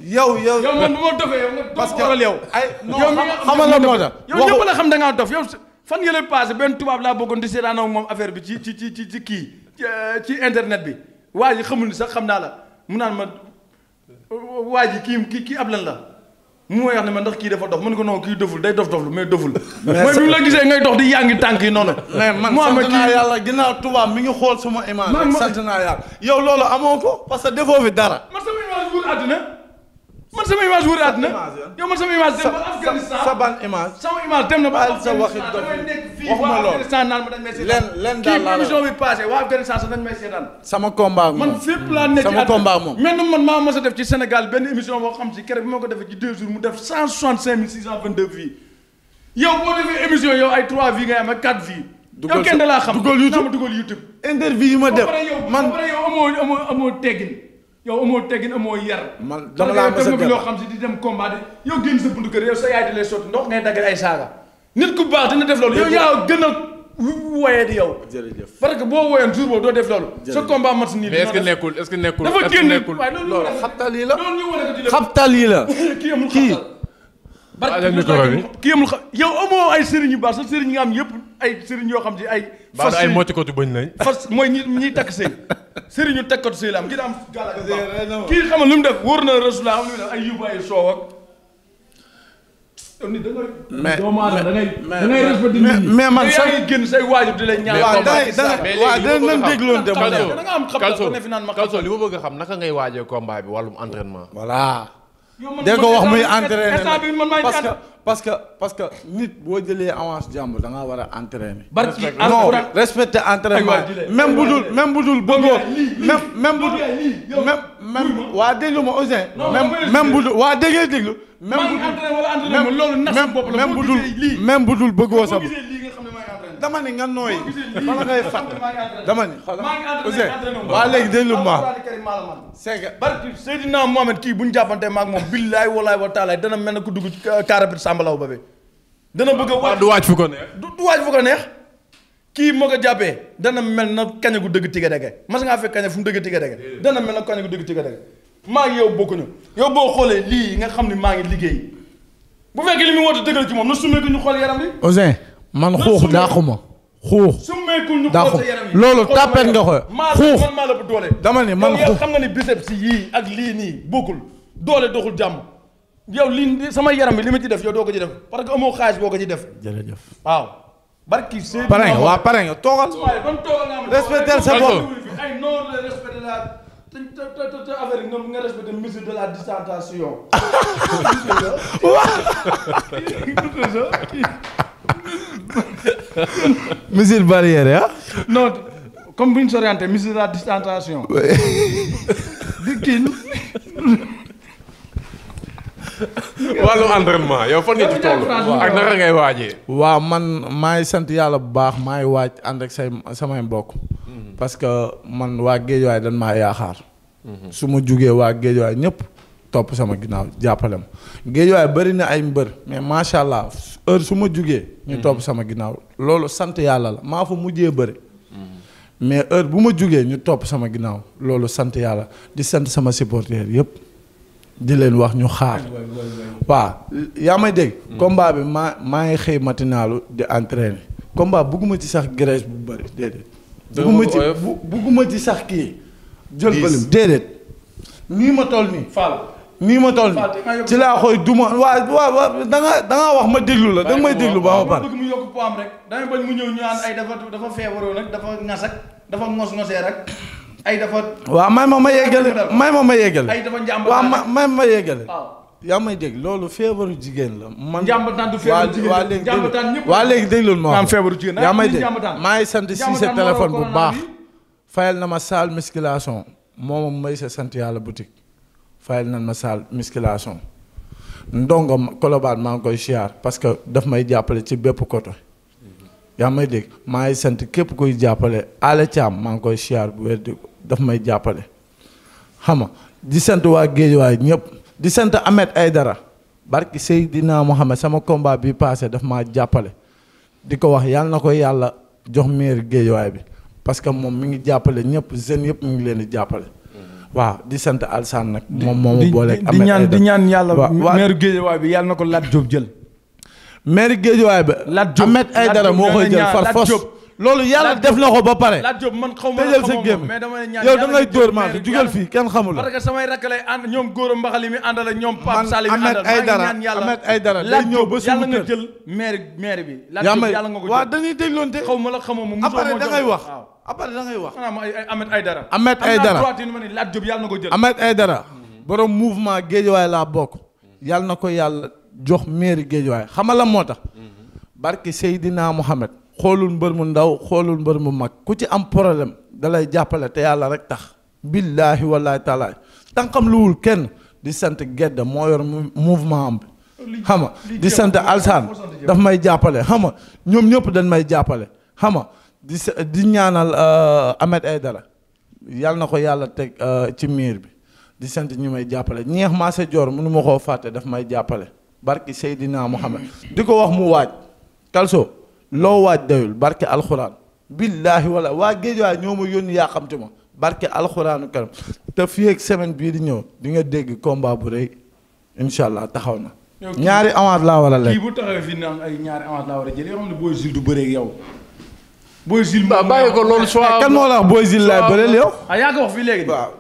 yow yow yow man bu ma dofee yow nga parce que yow ay non xamal la moo tax yow ñëpp la xam da ngaa dof yow fan yële passé benn tubaab laa bëggoon di seetaan ak moom affaire bi ci ci ci ci kii euh, ci internet bi waaye ji xamul ni sax xam naa la mun naa ma waa ji kii kii ab lan la. mu may wax ne ma ndax kii dafa dof man ko non kii doful day dof doful mais doful. mais bi mu la gisee ngay dox di yaa ngi tànk yi noonu. mais man sant naa yàlla ginnaaw tubaab mi ngi xool sama image. man sant naa yàlla yow loolu amoo ko parce que defoo fi dara. man sama image bu man sama image wër àdduna ah. yow man sama image dem ba Afghanistan sa ban image sama image dem na ba Afghanistan damay nekk fii bi sama combat man fépp laa nekk sama combat moom mais man maa mas a def ci Sénégal benn émission boo xam si keroog bi ma ko defee ci deux jours mu def cent soixante cinq mille six cent vingt deux vies yow boo defee émission yow ay trois vies ngay am ak quatre vies dugal YouTube dugal YouTube interview yi ma def man yow amoo yow amoo teggin amoo yar. man dama laa mës a dem loo xam si di dem combat yow génn sa buntu kër yow sa yaay di lay sotti ndox ngay daggal ay saaga. nit ku baax dina def loolu yow yaa gën a woyee di yow. jërëjëf boo woyoon jour boobu doo def loolu. sa combat match nii. xabtal yi la. xabtal yi la kii ki yëmul xam yow amoo ay sëriñ yu baax sa sëriñ nga am yëpp ay sëriñ yoo xam ci ay fas ay moccikatu bañ lañ fas mooy ñi ñiy takk sëy sëriñ yu takkatu sëy la am ngir am gàlla kii xam lu mu def wóor na rasulullah xam ay yóbbu ay soow ak mais mais mais man sax génn say waajur di leen ñaan. waaw danañ danañ dégluwoon de. Kalso Kalso li ma bëgg a xam naka ngay waajee combat bi wàllum entraînement. voilà. dee ko wax muy entraîné parce que parce que nit boo jëlee avance jàmbur da ngaa war a entraîné. barki non respecté entraînement même bu dul même bu dul bëggoo même même bu dul même même waa déggee déglu. même bu dul même bu dul dama ni nga nooy. bala ngay fàtt dama ni. Ousseyn waa léegi déglu ma. c'est que barki Seydina Mohamed kii bu ñu jàppante maak moom billaay walaay wa taalaay dana mel ne ku dugg carapit sàmbalaw ba bi dana bëgg a waaj du waaj fu ko neex. du waaj fu ko neex. kii moo ko jàppee dana mel na kaña gu dëgg tiga dege mas ngaa fekk kaña fu mu dëgg tiga dege dana mel na kaña gu dëgg tiga dege maa ngi yow bokkuñu yow boo xoolee lii nga xam ne maa ngi liggéey bu fekkee li mu woote dëggal ci moom na sumee ñu xool yaram bi man xuux daaxuma xuux daaxuma loolu tàppet nga ko xuux dama ne man xuux xam nga ni biceps yii ak lii nii bokkul doole doxul jàmm yow lii sama yaram bi li ma ci def yow doo ko ci def que amoo xaalis boo ko ci def. jërëjëf waaw. barki sëñ pare nga waaw pare nga toogal. respecter sa bopp ay non respecter la te te te affaire yi nga missile barrière ah. non comme bu ñu s'orienté missile de la distanciation. di kii. wàllu yow fan nga ci ak naka ngay waajee. waaw man maay sant yàlla bu baax maay waaj ànd ak say samay mbokk. Mhm. parce que man waa Géejawaay dañ maa yaakaar. Mhm. su ma jugee waa géej Géejawaay ñëpp. topp sama ginnaaw jàppale ma géejuwaay bëri na ay mbër mais macha allah heure su ma jugee. ñu mhm. topp sama ginnaaw loolu sant yàlla la maa fa mujjee bëri. Mhm. mais heure bu ma jugee ñu topp sama ginnaaw loolu sant yàlla di sant sama supporters yëpp di leen wax ñu xaar. waaw yaa may dégg. komba mhm. bi maa maa ngi xëy matinalu di entraîner. combat bugguma ci sax graisse bu bëri déedéet. bugguma ci sax kii. jël bëlim déedéet. nii ma toll nii nii ma toll ci laa xooy duma waa waa waa da nga wax ma déglu la da nga may déglu ba ma pare. bëgg mu yokk poam rek damay mu ñëw ñu naan dafa dafa feebaroo dafa ŋas ak dafa ngos ngosee rek ay dafa. waaw may ma ma yeggale may ma ma yeggale. ay dafa njàmb waaw ma may ma yeggale. yaa may dégg loolu feebaru jigéen la. man jàmbataan du feebaru jigéen waa léegi dégg waa léegi déglu ma wax. feebaru jigéen yaa may dégg maa ngi sant si sa téléphone bu baax. fayal na ma saal musculation moom may sa sant yàlla boutique fayal nañ ma salle musculation ndongo Colobane maa ngi koy siyaar parce que daf may jàppale ci bépp côté. yaa may dégg maa ngi sant képp koy jàppale Alé Thiam maa ngi koy siyaar bu wér daf may jàppale. xam nga di sant waa Géejawaay ñëpp di sant Ahmed Aïdara barki Seydina Mohamed sama combat bi passé daf maa jàppale di ko wax yàlla na ko yàlla jox meer Géejawaay bi parce que moom mi ngi jàppale ñëpp jeunes yëpp mi ngi leen di jàppale. waaw di sant saan nag. moom moo ma booleeg Ahmed Aïdara di ñaan di ñaan yàlla. waaw maire Guédiawaye bi yàlla ko Lat Diop jël. maire Guédiawaye ba. Lat Diop Ahmed Aïdara moo koy jël far loolu yàlla def na ko ba pare. Lat Diop man xaw ma la xamoo moom mais dama ñaan yow da ngay dóor maa jugal fii kenn xamul. parce que samay rakk lay ñoom Gora Mbaxali mi àndal ak ñoom Pape Salim mi àndal maa ngi ñaan yàlla Ahmed Aïdara day ñëw ba suñu kër nga jël maire maire bi. yaa may waaw dañuy dégloonte xaw ma la xamoo moom. après da ngay wax après da ngay wax. maanaam ay Ahmed Aïdara. Ahmed Aïdara am na ko jël. Ahmed Aïdara borom mouvement géejuwaay laa bokk. yàlla na ko yàlla jox mairie géejuwaay xamal la moo tax. barke Seydina Mohamed. xoolul mbër mu ndaw xoolul mbër mu mag ku ci am problème dalay jàppale te yàlla rek tax. billaahi wallaahi taalaay tànkam luwul kenn di sant gedda moo yor mouvement am bi xam nga di sant alsaan daf may jàppale xam nga ñoom ñëpp dañ may jàppale xama di di ñaanal uh, Ahmed dara yal na ko yàlla teg uh, ci miir bi di sant ñu may jàppale ñeex maase joor mënu ma koo fàtte daf may jàppale barki Seydina Muhammad di ko wax mu waaj Kalso loo waaj dayul barki alxuraan billaahi wala waa géej waay ñoo ma yónni yaa xamte ma barke alxuraanu karim te fii ak semaine bii di ñëw di nga dégg combat bu rëy incha allah taxaw na. ñaari avance laa war a lekk kii bu taxawee fii a jël yoo xam ne bëree yow. Boy Jules moom bàyyi ko loolu eh, soit. kan moo la wax Boy Jules laay bëreel yow. ah yaa ko wax fii léegi. waaw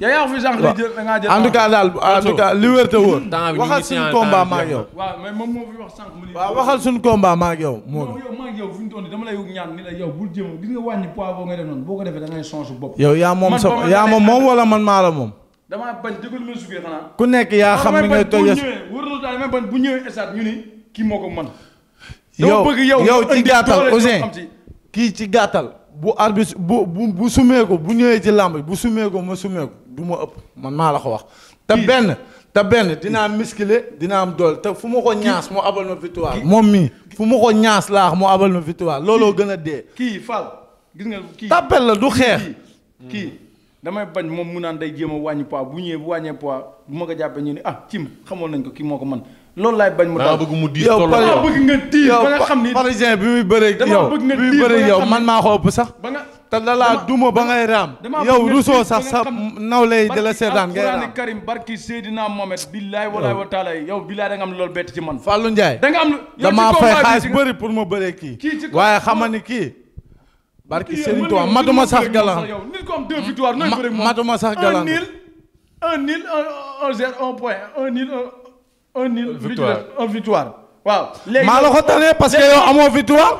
yaa da ngaa jël. en tout cas daal en tout cas li wér te wóor. waxal suñu combat maa ngi yow. waaw mais moom moo fi wax sànq mu ne. waaw waxal suñu combat maa ngi yow. moom yow maa ngi yow fi nga wàññi poids boo da ngay songe yaa moom sa yaa moom moom wala man maa la moom. damaa bañ dëgg lu ma sugee xanaa. ku nekk yaa xam ni ngay toog damay bañ na daal damay bañ kii ci gàttal bu arbitre bu bu bu sumee ko bu ñëwee ci làmb bu sumee ko ma sumee ko du ma ëpp man maa la ko wax. te benn te benn dinaa muscler dina am dool te fu ma ko ñaas moo abal ma victoire. moom mii fu ma ko ñaas laax moo abal ma victoire looloo gën a dee. kii Fall gis kii tapel la du xeex. kii damay bañ moom mu naan day jéem a wàññi poids bu ñëwee bu wàññee poids bu ma ko jàppee ñu ne ah cim xamoon nañ ko kii moo ko man loolu laay bañ mu daal yow ba nga xam ni parisien bi muy bëreeg yow man maa xoob sax te lalaa duma ba ngay raam yow rusoo sax sa naw lay de la seetaan ngay raam karim barki Seydina Mohamed billaay walaay wa taala yow billaay da nga am loolu bett ci man Fallou Ndiaye da nga am damaa fay xaalis bëri pour ma bëree kii waaye xama ni kii barki Serigne Touba matuma sax galan nit ko am deux victoires nooy bëri moom matuma sax galan un nil un nil un point un nul euh, victoire waaw léegi maa la ko tane parce que yow amoo victoire.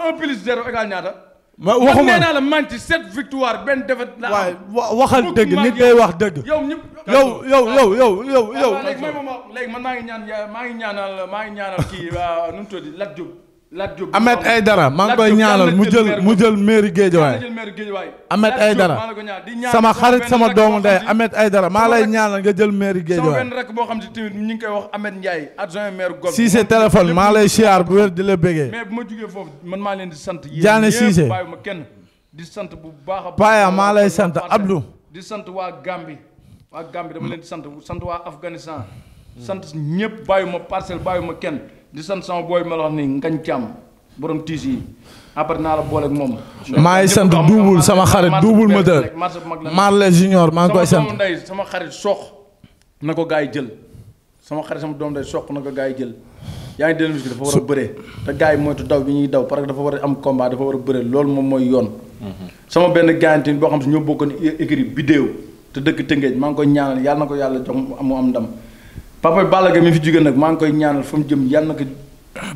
ma waxuma nee naa la man ci sept victoire benn défaite la waxal dëgg nit day wax dëgg. yow ñëpp yow yow yow yow yow yow. man maa ngi ñaan maa ngi ñaanal maa ngi ñaanal kii nu mu Lat Diop Lat Diop Ahmed Aïdara maa ngi koy ñaanal mu jël mu jël mairie Guédiawaye Ahmed Aïdara sama xarit sama doomu ndey ay dara maa lay ñaanal nga jël mairie Guédiawaye sama benn rek xam ne tamit ñu ngi koy wax Ahmed Ndiaye adjoint maire Gol Cissé téléphone maa lay siyaar bu wér di la bégee mais bu ma jugee foofu man maa leen di sant Diané Cissé bàyyi ma kenn di sant bu baax a Paya maa lay sant Abdou di sant waa Gambie waa Gambie dama mm. leen di sant sant waa Afghanistan mm. sant ñëpp bàyyi ma parcelle bàyyi ma kenn di sant sama booy ma nii wax ni ngañ càmm borom tiis yi après naa la boole ak moom. maa ngi sant duubul sama xarit duubul moteur Marley Junior maa ngi koy sant. sama sama xarit sox na ko gaa yi jël sama xarit sama doom day sox na ko gaa yi jël. yaa ngi déglu dafa war a bëre te gars yi moytu daw bi ñuy daw parce que dafa war a am combat dafa war a bëree loolu moom mooy yoon. sama benn gaayantin boo xam si ñoo bokkoon écrit vidéo te dëkk Tëngéej maa ngi koy ñaanal yàlla na ko yàlla jox mu am ndam. papa Balla Gaye mi fi jugee nag maa ngi koy ñaanal fa mu jëm yàlla na ko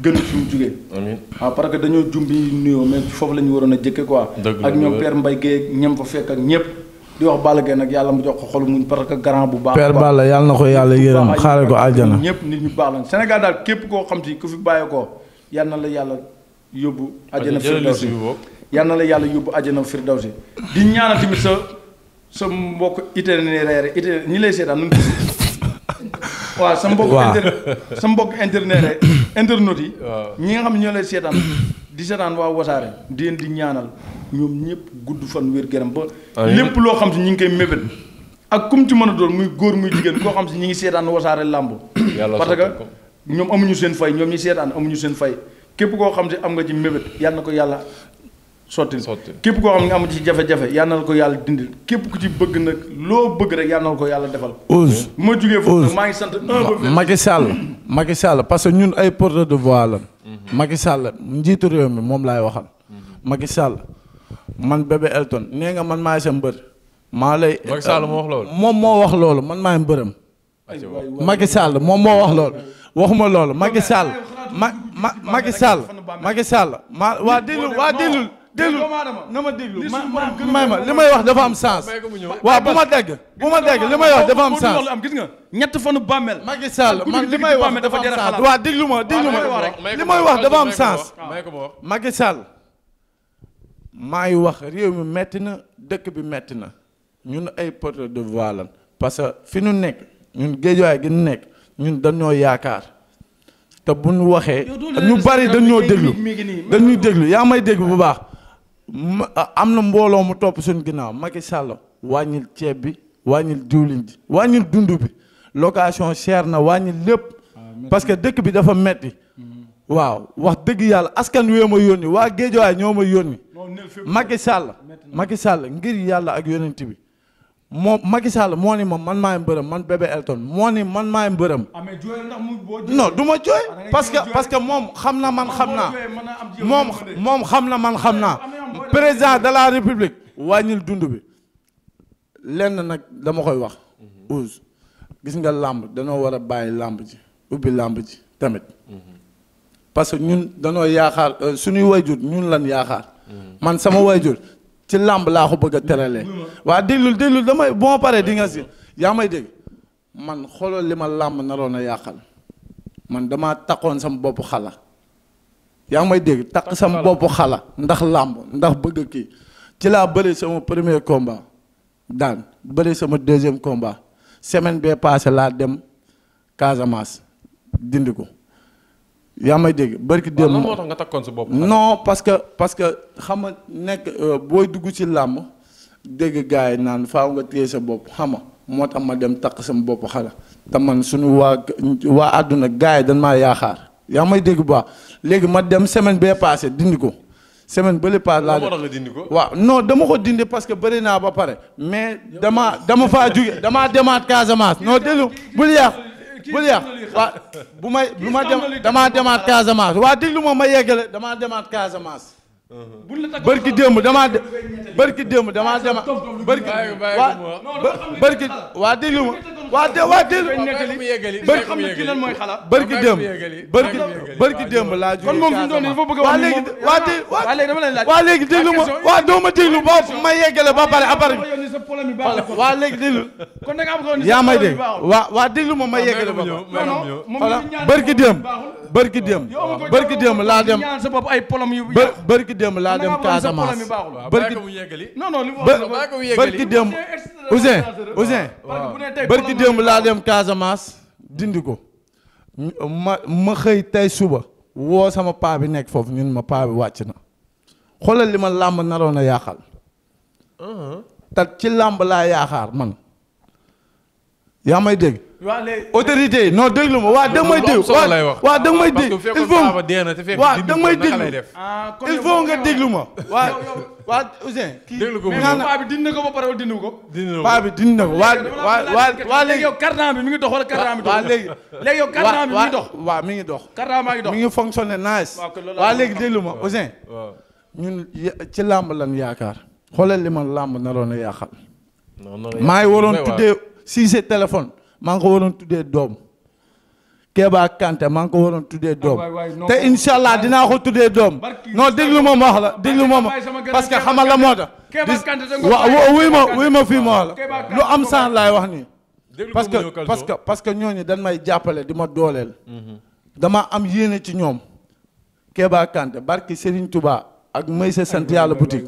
gën fi jugee. amiin waaw ah, que dañoo jum bi nuyoo mais foofu la ñu waroon a jëkke quoi. ak ñoom Père mbay Guèye ñem fa fekk ak ñëpp. di wax Balla Gaye nag yàlla mu jox ko xol muñ parce que grand bu baax. Père Balla yàlla na ko yàlla yërëm xaare ko ñëpp nit ñu baax lañ Sénégal daal képp koo xam si ku fi bàyyi ko na la yàlla yóbbu. àjjana firdawsi yal na la yàlla yóbbu àjjana firdawsi di ñaanal tamit sa sa mbokk itinéraire ñi lay seetaan waaw sa mbokk inter sa mbokk internet internautes yi ñi nga xam ñoo lay seetaan di seetaan waa wasaare di leen di ñaanal ñoom ñëpp gudd fan wér gërëm ba lépp loo xam si ñi ngi koy mébét ak kum ci mën a doon muy góor muy jigéen koo xam si ñi ngi seetaan wasaare làmb parce que ñoom amuñu seen fay ñoom ñi seetaan amuñu seen fay képp koo xam si am nga ci mébét yàlla na ko yàlla sottil képp ko xam ne amu ci jafe-jafe yal na la ko yàlla dindil képp ku ci bëgg nag loo bëgg rek yal na la ko yàlla defal. ose ma jugee foofu maa ngi sant. Macky Sall parce que ñun ay porte de voix la. Mhm. Macky Sall njiitu réew mi moom laay waxal. Mhm. Macky Sall man bébé Elton nee nga man maay sa mbër. maa lay Macky Sall moo wax loolu. moom moo wax loolu man maay mbërëm. Macky Sall moom moo wax loolu. waxuma loolu Macky Sall. ma ma Macky ma waa déglu waa déglu. déglu na ma déglu ma may ma li may wax dafa am sens. waa bu ma dégg bu ma dégg li may wax dafa am sens. gis nga ñett fanu bàmmeel. Macky Sall man li may wax dafa am sens waaw déglu ma déglu ma li may wax dafa am sens. Macky Sall maay wax réew mi metti na dëkk bi metti na ñun ay porteurs de voix lan parce que fi ñu nekk ñun géejuwaay gi ñu nekk ñun dañoo yaakaar. te bu nu waxee ñu bari dañoo déglu dañuy déglu yaa may déglu bu baax am na mbooloo mu topp suñ ginnaaw Macky Sall wàññil ceeb bi wàññil diwlin ji wàññil dund bi location cher na wàññil lépp parce que dëkk bi dafa metti mm-hmm. waaw wax dëgg yàlla askan wee ma yónni waa géejawaay ñoo ma yónni Macky Sall Macky Sall ngir yàlla ak yonent bi moom Macky Sall moo ni ma man maay mbërëm man bébé Elton moo ni man maay mbërëm ah, non du ah, jooy parce que moom xam na man ah, xam naa moom xam na man xam eh, naa président de la république wàññil dund bi lenn nag dama koy wax Ouz gis nga làmb danoo war a bàyyi làmb ji ubbi làmb ji tamit parce que ñun danoo yaakaar euh, suñuy wayjur ñun lan yaakaar man sama wayjur ci làmb laa ko bëgg a teralee waa déglul déglul damay boo paree di nga si yaa may dégg man xoolal li ma làmb naroon a yàqal man dama takkoon sama bopp xala yaa ngi may dégg takk sama bopp xala ndax làmb ndax bëgg kii ci laa bëri sama premier combat daan bëri sama deuxième combat semaine bee passé laa dem Casamance dindi ko yaa may dégg barki démb lan moo tax nga sa bopp non parce que parce que xam nekk euh, booy dugg ci làmb dégg gars yi naan faaw nga téye sa bopp xam nga moo tax ma dem takk sama bopp xala te man suñu waa waa àdduna gars yi dañ maa yaakaar yaa may dégg bu léegi ma dem semaine bee paase dindi ko semaine bële paase laa nga dindi ko waaw non dama ko dindi parce que bëri naa ba pare mais dama dama faa jóge damaa demaat Casamance non déglu bul yàq bul yàq waa bu may bu ma dem damaa demaat Casamance waa déglu ma ma yeggale damaa demaat Casamance bërki démb damaa de bërki démb dama demaat bërki waa bërki waa déglu ma waa de waa de bëri xam ne kii lan mooy xalaat bëri ki démb bëri ki bëri ki démb laa kon moom fi mu doon dafa bëgg a wax léegi waa léegi dama leen laaj waa léegi déglu ma waa doo ma déglu ba ma yeggale ba pare après ni sa problème bi waa léegi déglu. kon da nga am waa waa déglu ah, moom ma yeggale ba ko. non non moom bërki démb bërki démb bërki démb laa dem sa bopp ay problème yu bërki démb laa dem Casamance bërki non non li mu wax bërki démb laa dem Casamance dindi ko ma ma xëy tey suba woo sama paa bi nekk foofu ñun ma paa bi wàcc na xoolal li ma làmb naroon a yàqal. Uh-huh. te ci làmb laa yaakaar man yaa dégg. waa léegi autorité non déglu ma waa danga may dégg. waa danga may dégg il faut waa danga may déglu ah, il faut nga déglu ma. waa waa Ouzin. déglu ko paa bi dindi na ko ba pare dindi ko. dindi na ko paa bi dindi na waa waa waa léegi yow bi mi ngi dox wala cardan bi dox. waa léegi léegi yow cardan bi mi ngi dox. waaw mi ngi nice. waa léegi déglu ma Ouzin. ci làmb lan yaakaar. xoolal li ma làmb naroon a yàqal. maa ngi waroon tuddee Cissé téléphone maa ngi ko waroon tuddee doom. Kéba Kanté maa ngi ko waroon tuddee doom ah, te incha allah dinaa ko tuddee doom non déglu ma ma wax la déglu ma ma parce que xamal la moo tax. wa wuy ma wuy ma fii ma wax la lu am sens laay wax nii. parce que parce que parce que ñooñu dañ may jàppale di ma dooleel. Mhm. dama am yéene ci ñoom. Kéba Kanté barki Serigne Touba. ak Maysa sant yàlla boutique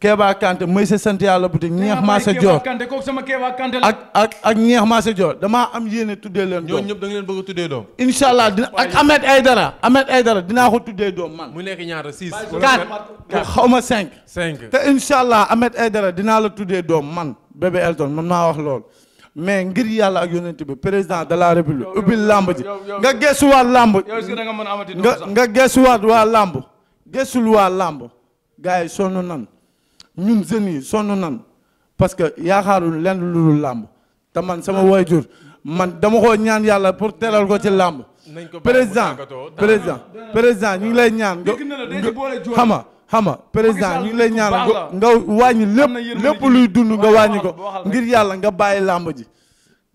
Kéba Kanté Maysa sant yàlla boutique ñeex maase joor ak ak ñeex maase joor damaa am yéene tuddee leen doom ñoom ñëpp da nga leen bëgg a tuddee doom incha allah dina ak Ahmed Aydara Ahmed Aydara dinaa ko tuddee doom man mu nekk ñaata ma cinq cinq te incha allah Ahmed Aydara dinaa la tuddee doom man bébé Elton man maa wax loolu mais ngir yàlla ak yonent bi président de la république ubbil lamb ji nga gesuwaat lamb nga gesuwaat waa lamb desul waa làmb gars yi sonn nan ñun jeunes yi sonn nan parce que yaakaaruñ lenn lu làmb te man sama ah. waajur man dama koo ñaan yàlla pour teral ko ci làmb président président président ñu ngi lay ñaan nga xama xama président ñu ngi lay ñaan nga wàññi lépp lépp luy dund nga wàññi ko ngir yàlla nga bàyyi làmb ji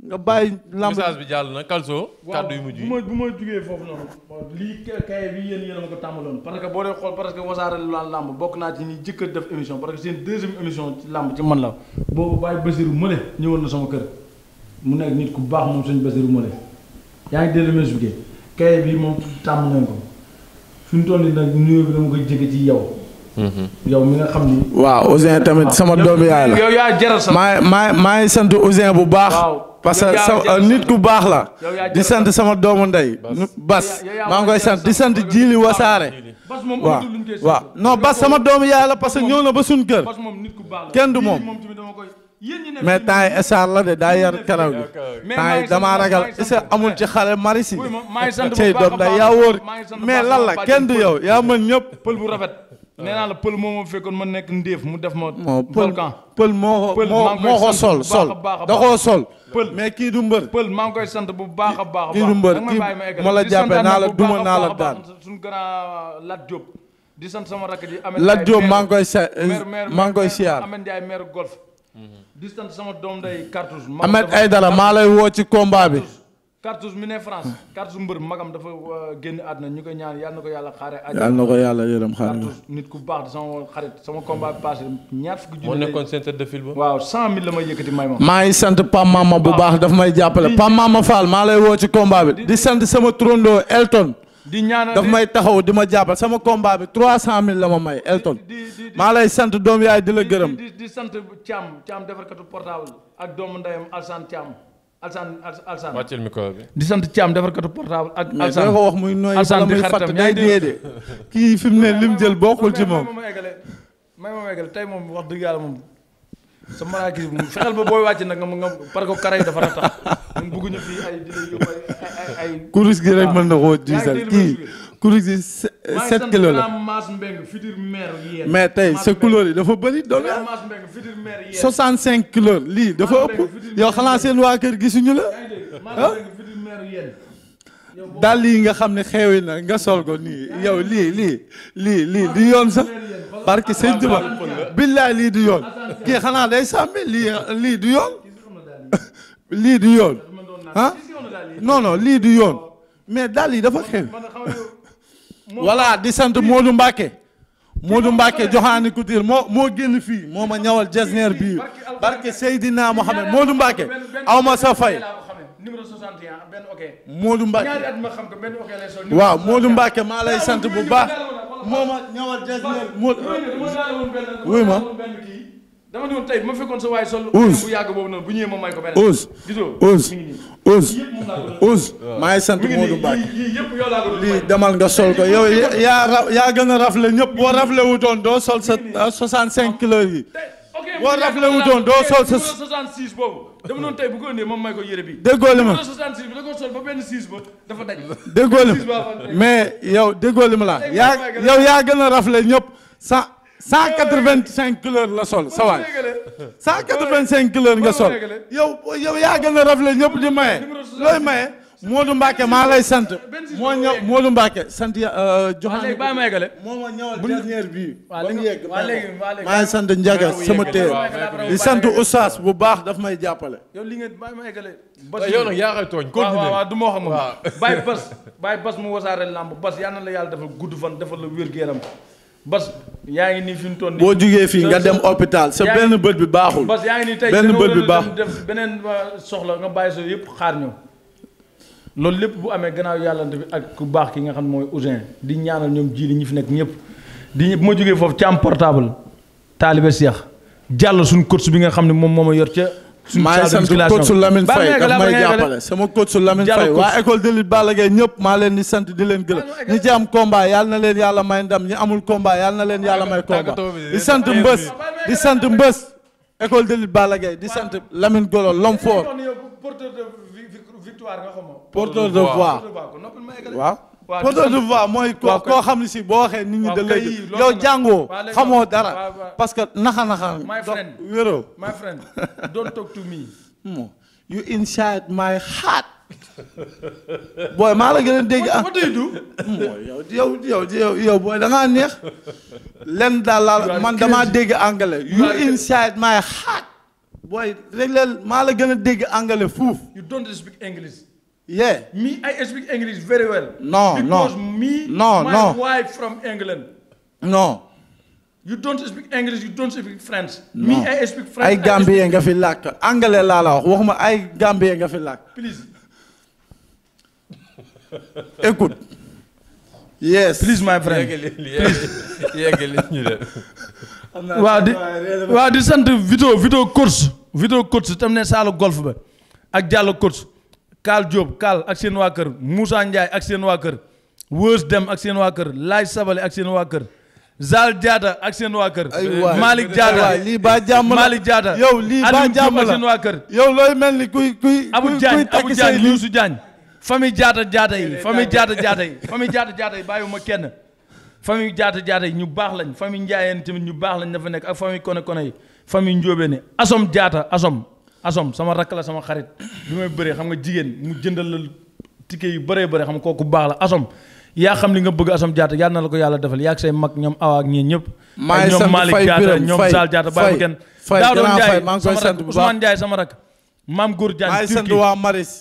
nga bàyyi lamb message bi jàll na Kalso. kàddu yu mujj yi waaw bu ma jugee foofu noonu. lii kay bi yéen yéen a ma ko tàmbaloon. parce que boo dee xool parce que wasaare la lamb bokk naa ci ñi jëkk a def émission parce que seen deuxième émission ci lamb ci man la. boobu bàyyi Basiru Mële ñëwoon na sama kër mu nekk nit ku baax moom sëñ Basiru Mële yaa ngi déglu mes bi kay bi moom tàmm nañ ko fi mu toll nii nag dama koy jege ci yow. Mhm. yow mi nga xam ni. waaw Ouzin tamit sama doom yaay la. yow yaa jaral maa maa ngi sant Ouzin bu baax. parce que sama nit ku baax la di sant sama doomu ndey bas maa ngi koy sant di sant jiili wasaare waaw waaw non bas sama doomu yaay la parce que ñëw na ba suñ kër kenn du moom mais temps yi esar la de daa yar karaw gi temps damaa ragal isa amul ci xale mari si cey doom day yaa wóor mais lan la kenn du yow yaa mën ñëpp pël bu rafet nee naa la pël moom moo fekkoon ma nekk ndéef mu def ma. pël pël moo moo ko sol sol da koo sol. pël mais kii du mbër. pël maa ngi koy sant bu baax a baax. kii du mbër kii ma la jàppee naa la duma naa la daan suñu grand euh, Lat Diop. di sant sama rakk ji Ameth Lat Diop maa ngi koy sa maa ngi koy siyaar Ameth Ndiaye maire golf. Mhm. di sant sama doom day cartouche. Ameth Aïdara maa lay woo ci combat bi. cartouche mi ne France cartouche mbër magam dafa euh, génn àdduna ñu ko ñaan yal na ko yàlla xaare yal na ko yàlla yërëm xaare nit ku baax di sama xarit sama combat bi ñaar fukki moo nekkoon seen tête de film waaw may yëkkati may maa ngi sant Pam Mama bu baax daf may jàppale Pam ma Fall maa lay woo ci combat bi di sant sama turandoo Elton di ñaanal daf may taxaw di ma jàppal sama combat bi trois cent mille la ma may Elton maa lay sant doom yaay di la gërëm di sant Thiam Thiam defarkatu portable ak doomu ndeyam Alsane Thiam alsaan alsaan wàcceel micro bi. di sant Thiam defarkatu portable ak. alsaan mais ko wax muy nooy alsaan di xaritam day dee de kii fi mu ne lim jël bokkul ci moom. may ma ma eggale tey moom wax dëgg yàlla moom sa maraay kii fexeel ba booy wàcc nag nga nga parce que kare yi dafa ratax ñun bëgguñu fii ay ay ay. kuris gi rek mën na koo diisal kii. kurus yi sept kilos la mais tey sa couleur yi dafa bëri doon na soixante cinq kilos lii dafa ëpp yow xanaa seen waa kër gisuñu la ah dàll yi nga xam ne xeewi na nga sol ko nii yow lii lii lii lii di yoon sax parce que sëñ Tuba lii du yoon kii xanaa day sàmmi lii du yoon ah? lii du yoon ah oh. lii du yoon mais dàll yi dafa xeewi voilà di sant Modou Mbacke Modou Mbacke joxaani couture moo moo génn fii moo ma ñawal jasneer bii barke Seydina Mohamed Modou Mbacke aw ma sa fay Modou Mbacke waaw Modou Mbacke maa lay sant bu baax moo ma ñawal jasneer wuy ma dama ne woon tey bu ma fekkoon sa waay sol. ouz bu yàgg boobu noonu bu ñëwee ma may ko beneen. ouz ouz ouz ouz. maa ngi sant Modou Mbacke lii demal nga sol ko yow yaa ra yaa gën a rafle ñëpp boo rafle wutoon doo sol sa 65 ah, kilos yi. boo rafle wutoon doo sol sa 66 dama noonu tey bu ko indee moom may ko yére bi. déggoo li ma 66 bi da ko sol ba benn 6 ba dafa daj. déggoo li ma mais yow déggoo li ma la yaa yow yaa gën a rafle ñëpp sa. cent quatre vingt cinq couleurs la sol sa waay cent quatre vingt cinq couleurs nga sol yow yow yaa gën a rafle ñëpp di maye looy maye Modou Mbacke maa lay sant ah, moo ñëw Modou Mbacke sant ya euh, joxaane ba may gale moo ma ñëwal dernière bi ba mu yegg maa ngi sant Ndiaga sama teer di sant Oustaz bu baax daf may jàppale yow li ngeen bàyyi may gale bas yow nag yaa koy tooñ continuer waaw du ma xam nga bàyyi bas bàyyi mu wasaare lamb bas yal na la yàlla dafa gudd fan dafa la wér-gu-yaram bas yaa ngi nii fi mu toll boo jógee fii nga dem hôpital sa benn bët bi baaxul. bas yaa ngi nii tey benn bët bi baaxul def beneen euh, soxla nga bàyyi soo yëpp xaar ñëw. loolu lépp bu amee gannaaw yàllante bi ak ku baax ki nga xam mooy Ousin di ñaanal ñoom ji li ñi fi nekk ñëpp di bu ma jógee foofu ci am portable taalibe Seex jàll suñu course bi nga xam ne moom moom ma yor ca. maa ngi sant coach su Lamine Faye daf may jàppale sama coach su Lamine Faye waa école de lutte Balla maa leen di sant di leen gërëm ñi ci am combat yàlla na leen yàlla may ndam ñi amul combat yàlla na leen yàlla may combat di sant mbës di sant mbës école de lutte Balla Gaye di sant Lamine Golo l'homme fort porteur de voix waaw porteur de mooy koo koo xam ne si boo waxee nit ñi da lay yow jàngoo xamoo dara parce que naxa naxa wéroo my friend don't talk to me maa la gën a dégg ah yow yow neex lenn daal man damaa dégg anglais you inside my heart booy maa la gën a dégg anglais fuuf you don't speak English Yeah. Me, I speak English very ay Gambien nga fi làkk anglais laa la wax waxuma ay Gambien nga fi làkk. Please. Écoute. yes. di waaw di sant Vito Vito coach Vito coach tam ne saalu golf ba ak Diallo coach. Kaal Diop Kaal ak seen waa kër Moussa Ndiaye ak seen waa kër Wëz Dem ak seen waa kër Laaj Sabale ak seen waa kër Zal jaata ak seen waa kër. aywa Malick Diatta lii ba jàmm la Malick yow lii ba jàmm la waa kër. yow looy mel ni kuy kuy. Abou Diagne Abou Diagne Youssou Diagne. famille Diatta Diatta yi famille Diatta Diatta yi famille Diatta Diatta yi bàyyiwuma kenn. famille Diatta Diatta yi ñu baax lañ famille Ndiayeen tamit ñu baax lañ dafa nekk ak famille Kone Kone yi famille Njóobeen Asom jaata Asom. asom sama rakk la sama xarit bi may bëree xam nga jigéen mu jëndal la ticket yu bëree bëri xam nga kooku baax la asom yaa xam li nga bëgg asom jaata yal na la ko yàlla defal yaa ak say mag ñoom awa ak ñii ñëpp ak ñoom Malick jaata ñoom Sall jaata bàyyi kenn daaw doon Njaay sama rakk Ousmane Njaay sama rakk maam góor Diagne Turki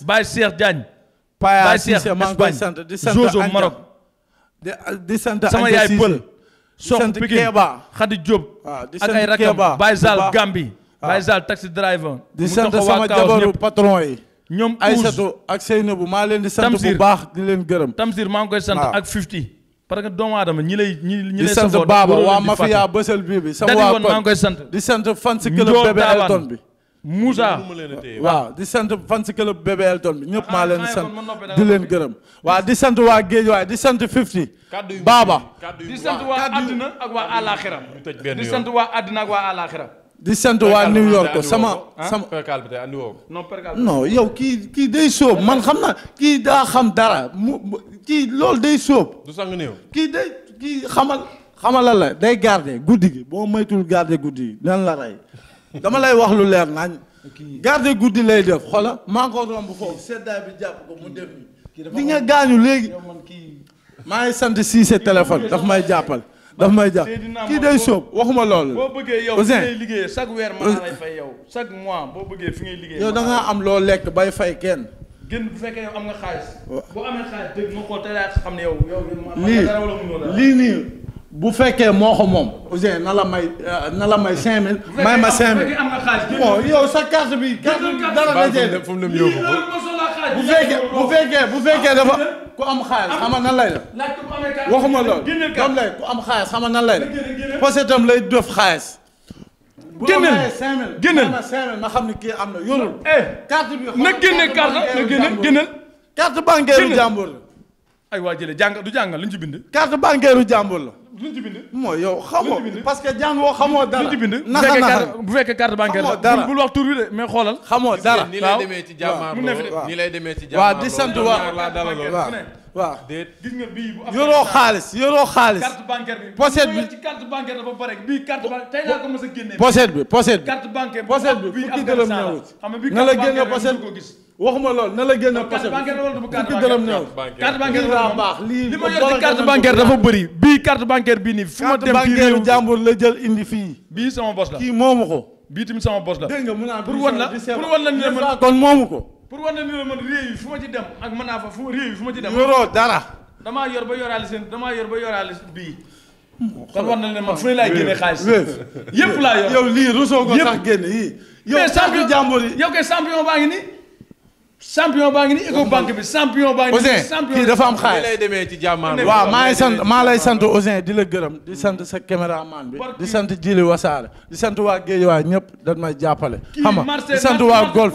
Baye Cheikh Diagne Baye Cheikh Espagne Zozo Maroc di sant sama yaay pël sox Pikine Khady Diop ak Baye ah. Sall taxi driver. di sant sama jabaru patron yi. ñoom Aysatu ak Seynabou maa leen di sant bu baax di leen gërëm. Tamsir maa ngi koy sant ak 50. parce que doomu aadama ñi lay ñi ñi lay. di sant baaba waa mafia bësal bii bi. sama waa maa ngi koy sant. di sant fan si club bébé Elton bi. Moussa waaw di sant fan si club bébé Elton bi ñëpp maa ah, leen di sant di leen gërëm. waaw di sant waa géej waaye di sant 50. baaba di sant waa àddina ak waa àllaaxira waa àddina ak waa di sant waa New York sama sama ah, percal bi andi woo non percal non yow kii kii day sóob man xam na kii daa xam dara mu kii lool day soob du sang kii day kii xamal xamalala day garde guddi gi boo moytul garder guddi gi nan la rey dama lay wax lu leer nañ. garder guddi lay def xoola maa ko romb foofu seddaay bi jàpp ko mu def. li nga gaañu léegi. maa ngi sant si sa téléphone daf may jàppal. daf may jàpp kii day sóob waxuma lool boo bëggee yow fi ngay liggéeyee chaque weer maa lay fay yow chaque mois boo bëggee fi ngay liggéeyee. yow da am loo lekk bay fay kenn. gën bu fekkee yow am nga xaalis. boo amee xaalis dëgg nga xool te daa xam ne yow. yow lii lii nii. bu fekkee moo ko moom Ouzin na la may euh, na la may cinq mille may ma cinq mille bon yow sa carte bi carte dara da cee def bu fekkee bu fekkee bu fekkee dafa ku am xaalis xama nan lay la waxuma loolu dam lay ku am xaalis xama nan lay la parce que tam lay def xaalis génneel génneel ma xam ne kii am na yorul eh. carte bi na génne carte na génne génneel carte bancaire jàmbur la ay waa jële jàng du lu ci bind carte bancaire jàmbur la lu ci bind. mooy yow xamoo parce que jàngoo xamoo dara. bu fekkee carte bancaire la bul wax tur bi de mais xoolal. xamoo dara waaw di sant waaw nga bii bu yoroo xaalis yoroo xaalis. carte bancaire bi pochette bi ci carte bancaire dafa bare bii carte a génne. pochette bi pochette bi carte bancaire bi. pochette bi nga bii carte bancaire bi ko gis. waxuma loolu na la génne poche bi carte bancaire la baax lii li ma yor ci carte bancaire dafa bëri bii carte bancaire bii nii. fu ma dem bii réew jàmbur la jël indi fii. bii sama bos la kii moomu ko. bii tamit sama bos la. dégg nga mun naa pour wan la pour wan la ni la man kon moomu ko. pour wan la ni la man réew yi fu ma ci dem ak mën naa fa fu réew yi fu ma ci dem. yoroo dara. damaa yor ba yoraale seen damaa yor ba yoraale bii. kon war na leen man fu ne laay génne xaalis. yëpp laa yor yow lii rusoo ko sax génne yii. yow champion jàmbur yi yow kay champion baa ngi nii champion baa ngi ni Ecobank bi champion baa ngi ni dafa am xaalis lay demee ci jàmmaar waaw maa sant maa lay sant Ouzin di la gërëm di sant sa caméraman bi di sant Jili Wasaare di sant waa Géej waa ñëpp dañ may jàppale xam nga di sant waa golf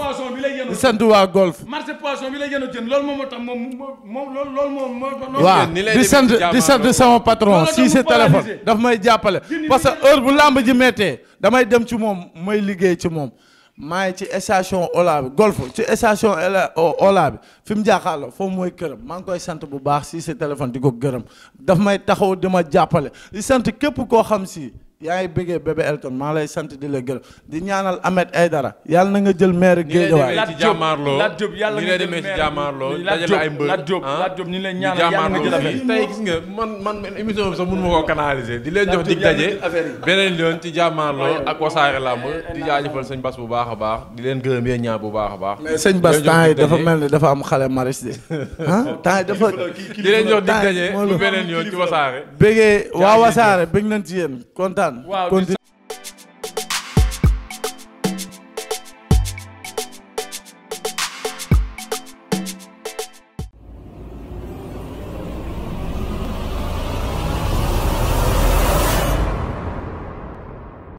di sant waa golf marché poisson bi lay gën a jënd loolu moom moo moom moom loolu loolu moom moo waaw di sant di sant sama patron si sa téléphone daf may jàppale parce que heure bu làmb ji méttee damay dem ci moom may liggéey ci moom maa ngi ci station Ola bi golf ci station Ola bi fi mu jaaxaarloo foofu mooy këram maa ngi koy sant bu baax si sa téléphone di ko gërëm dafa may taxaw di ma jàppale di sant képp koo xam si yaa ngi bëggee bébé Elton maa lay sant di la gërëm di ñaanal Ahmed Aidara yàlla na nga jël maire Guédiawaye Lat Diop Lat Diop yàlla nga jël maire Lat Diop ah. Lat Diop ñu lay ñaanal yàlla nga jël affaire tey gis nga man man émission bi sax mënu ma koo canaliser di leen jox dig daje beneen yoon ci jàmmaarloo ak wasaare làmb di jaajëfal sëñ Bas bu baax baax di leen gërëm yéen ñaar bu baax a baax mais sëñ Bas temps yi dafa mel ni dafa am xale maris de ah temps yi dafa di leen jox dig daje beneen yoon ci wasaare bëggee waa wasaare bëgg nañ ci yéen kontaan.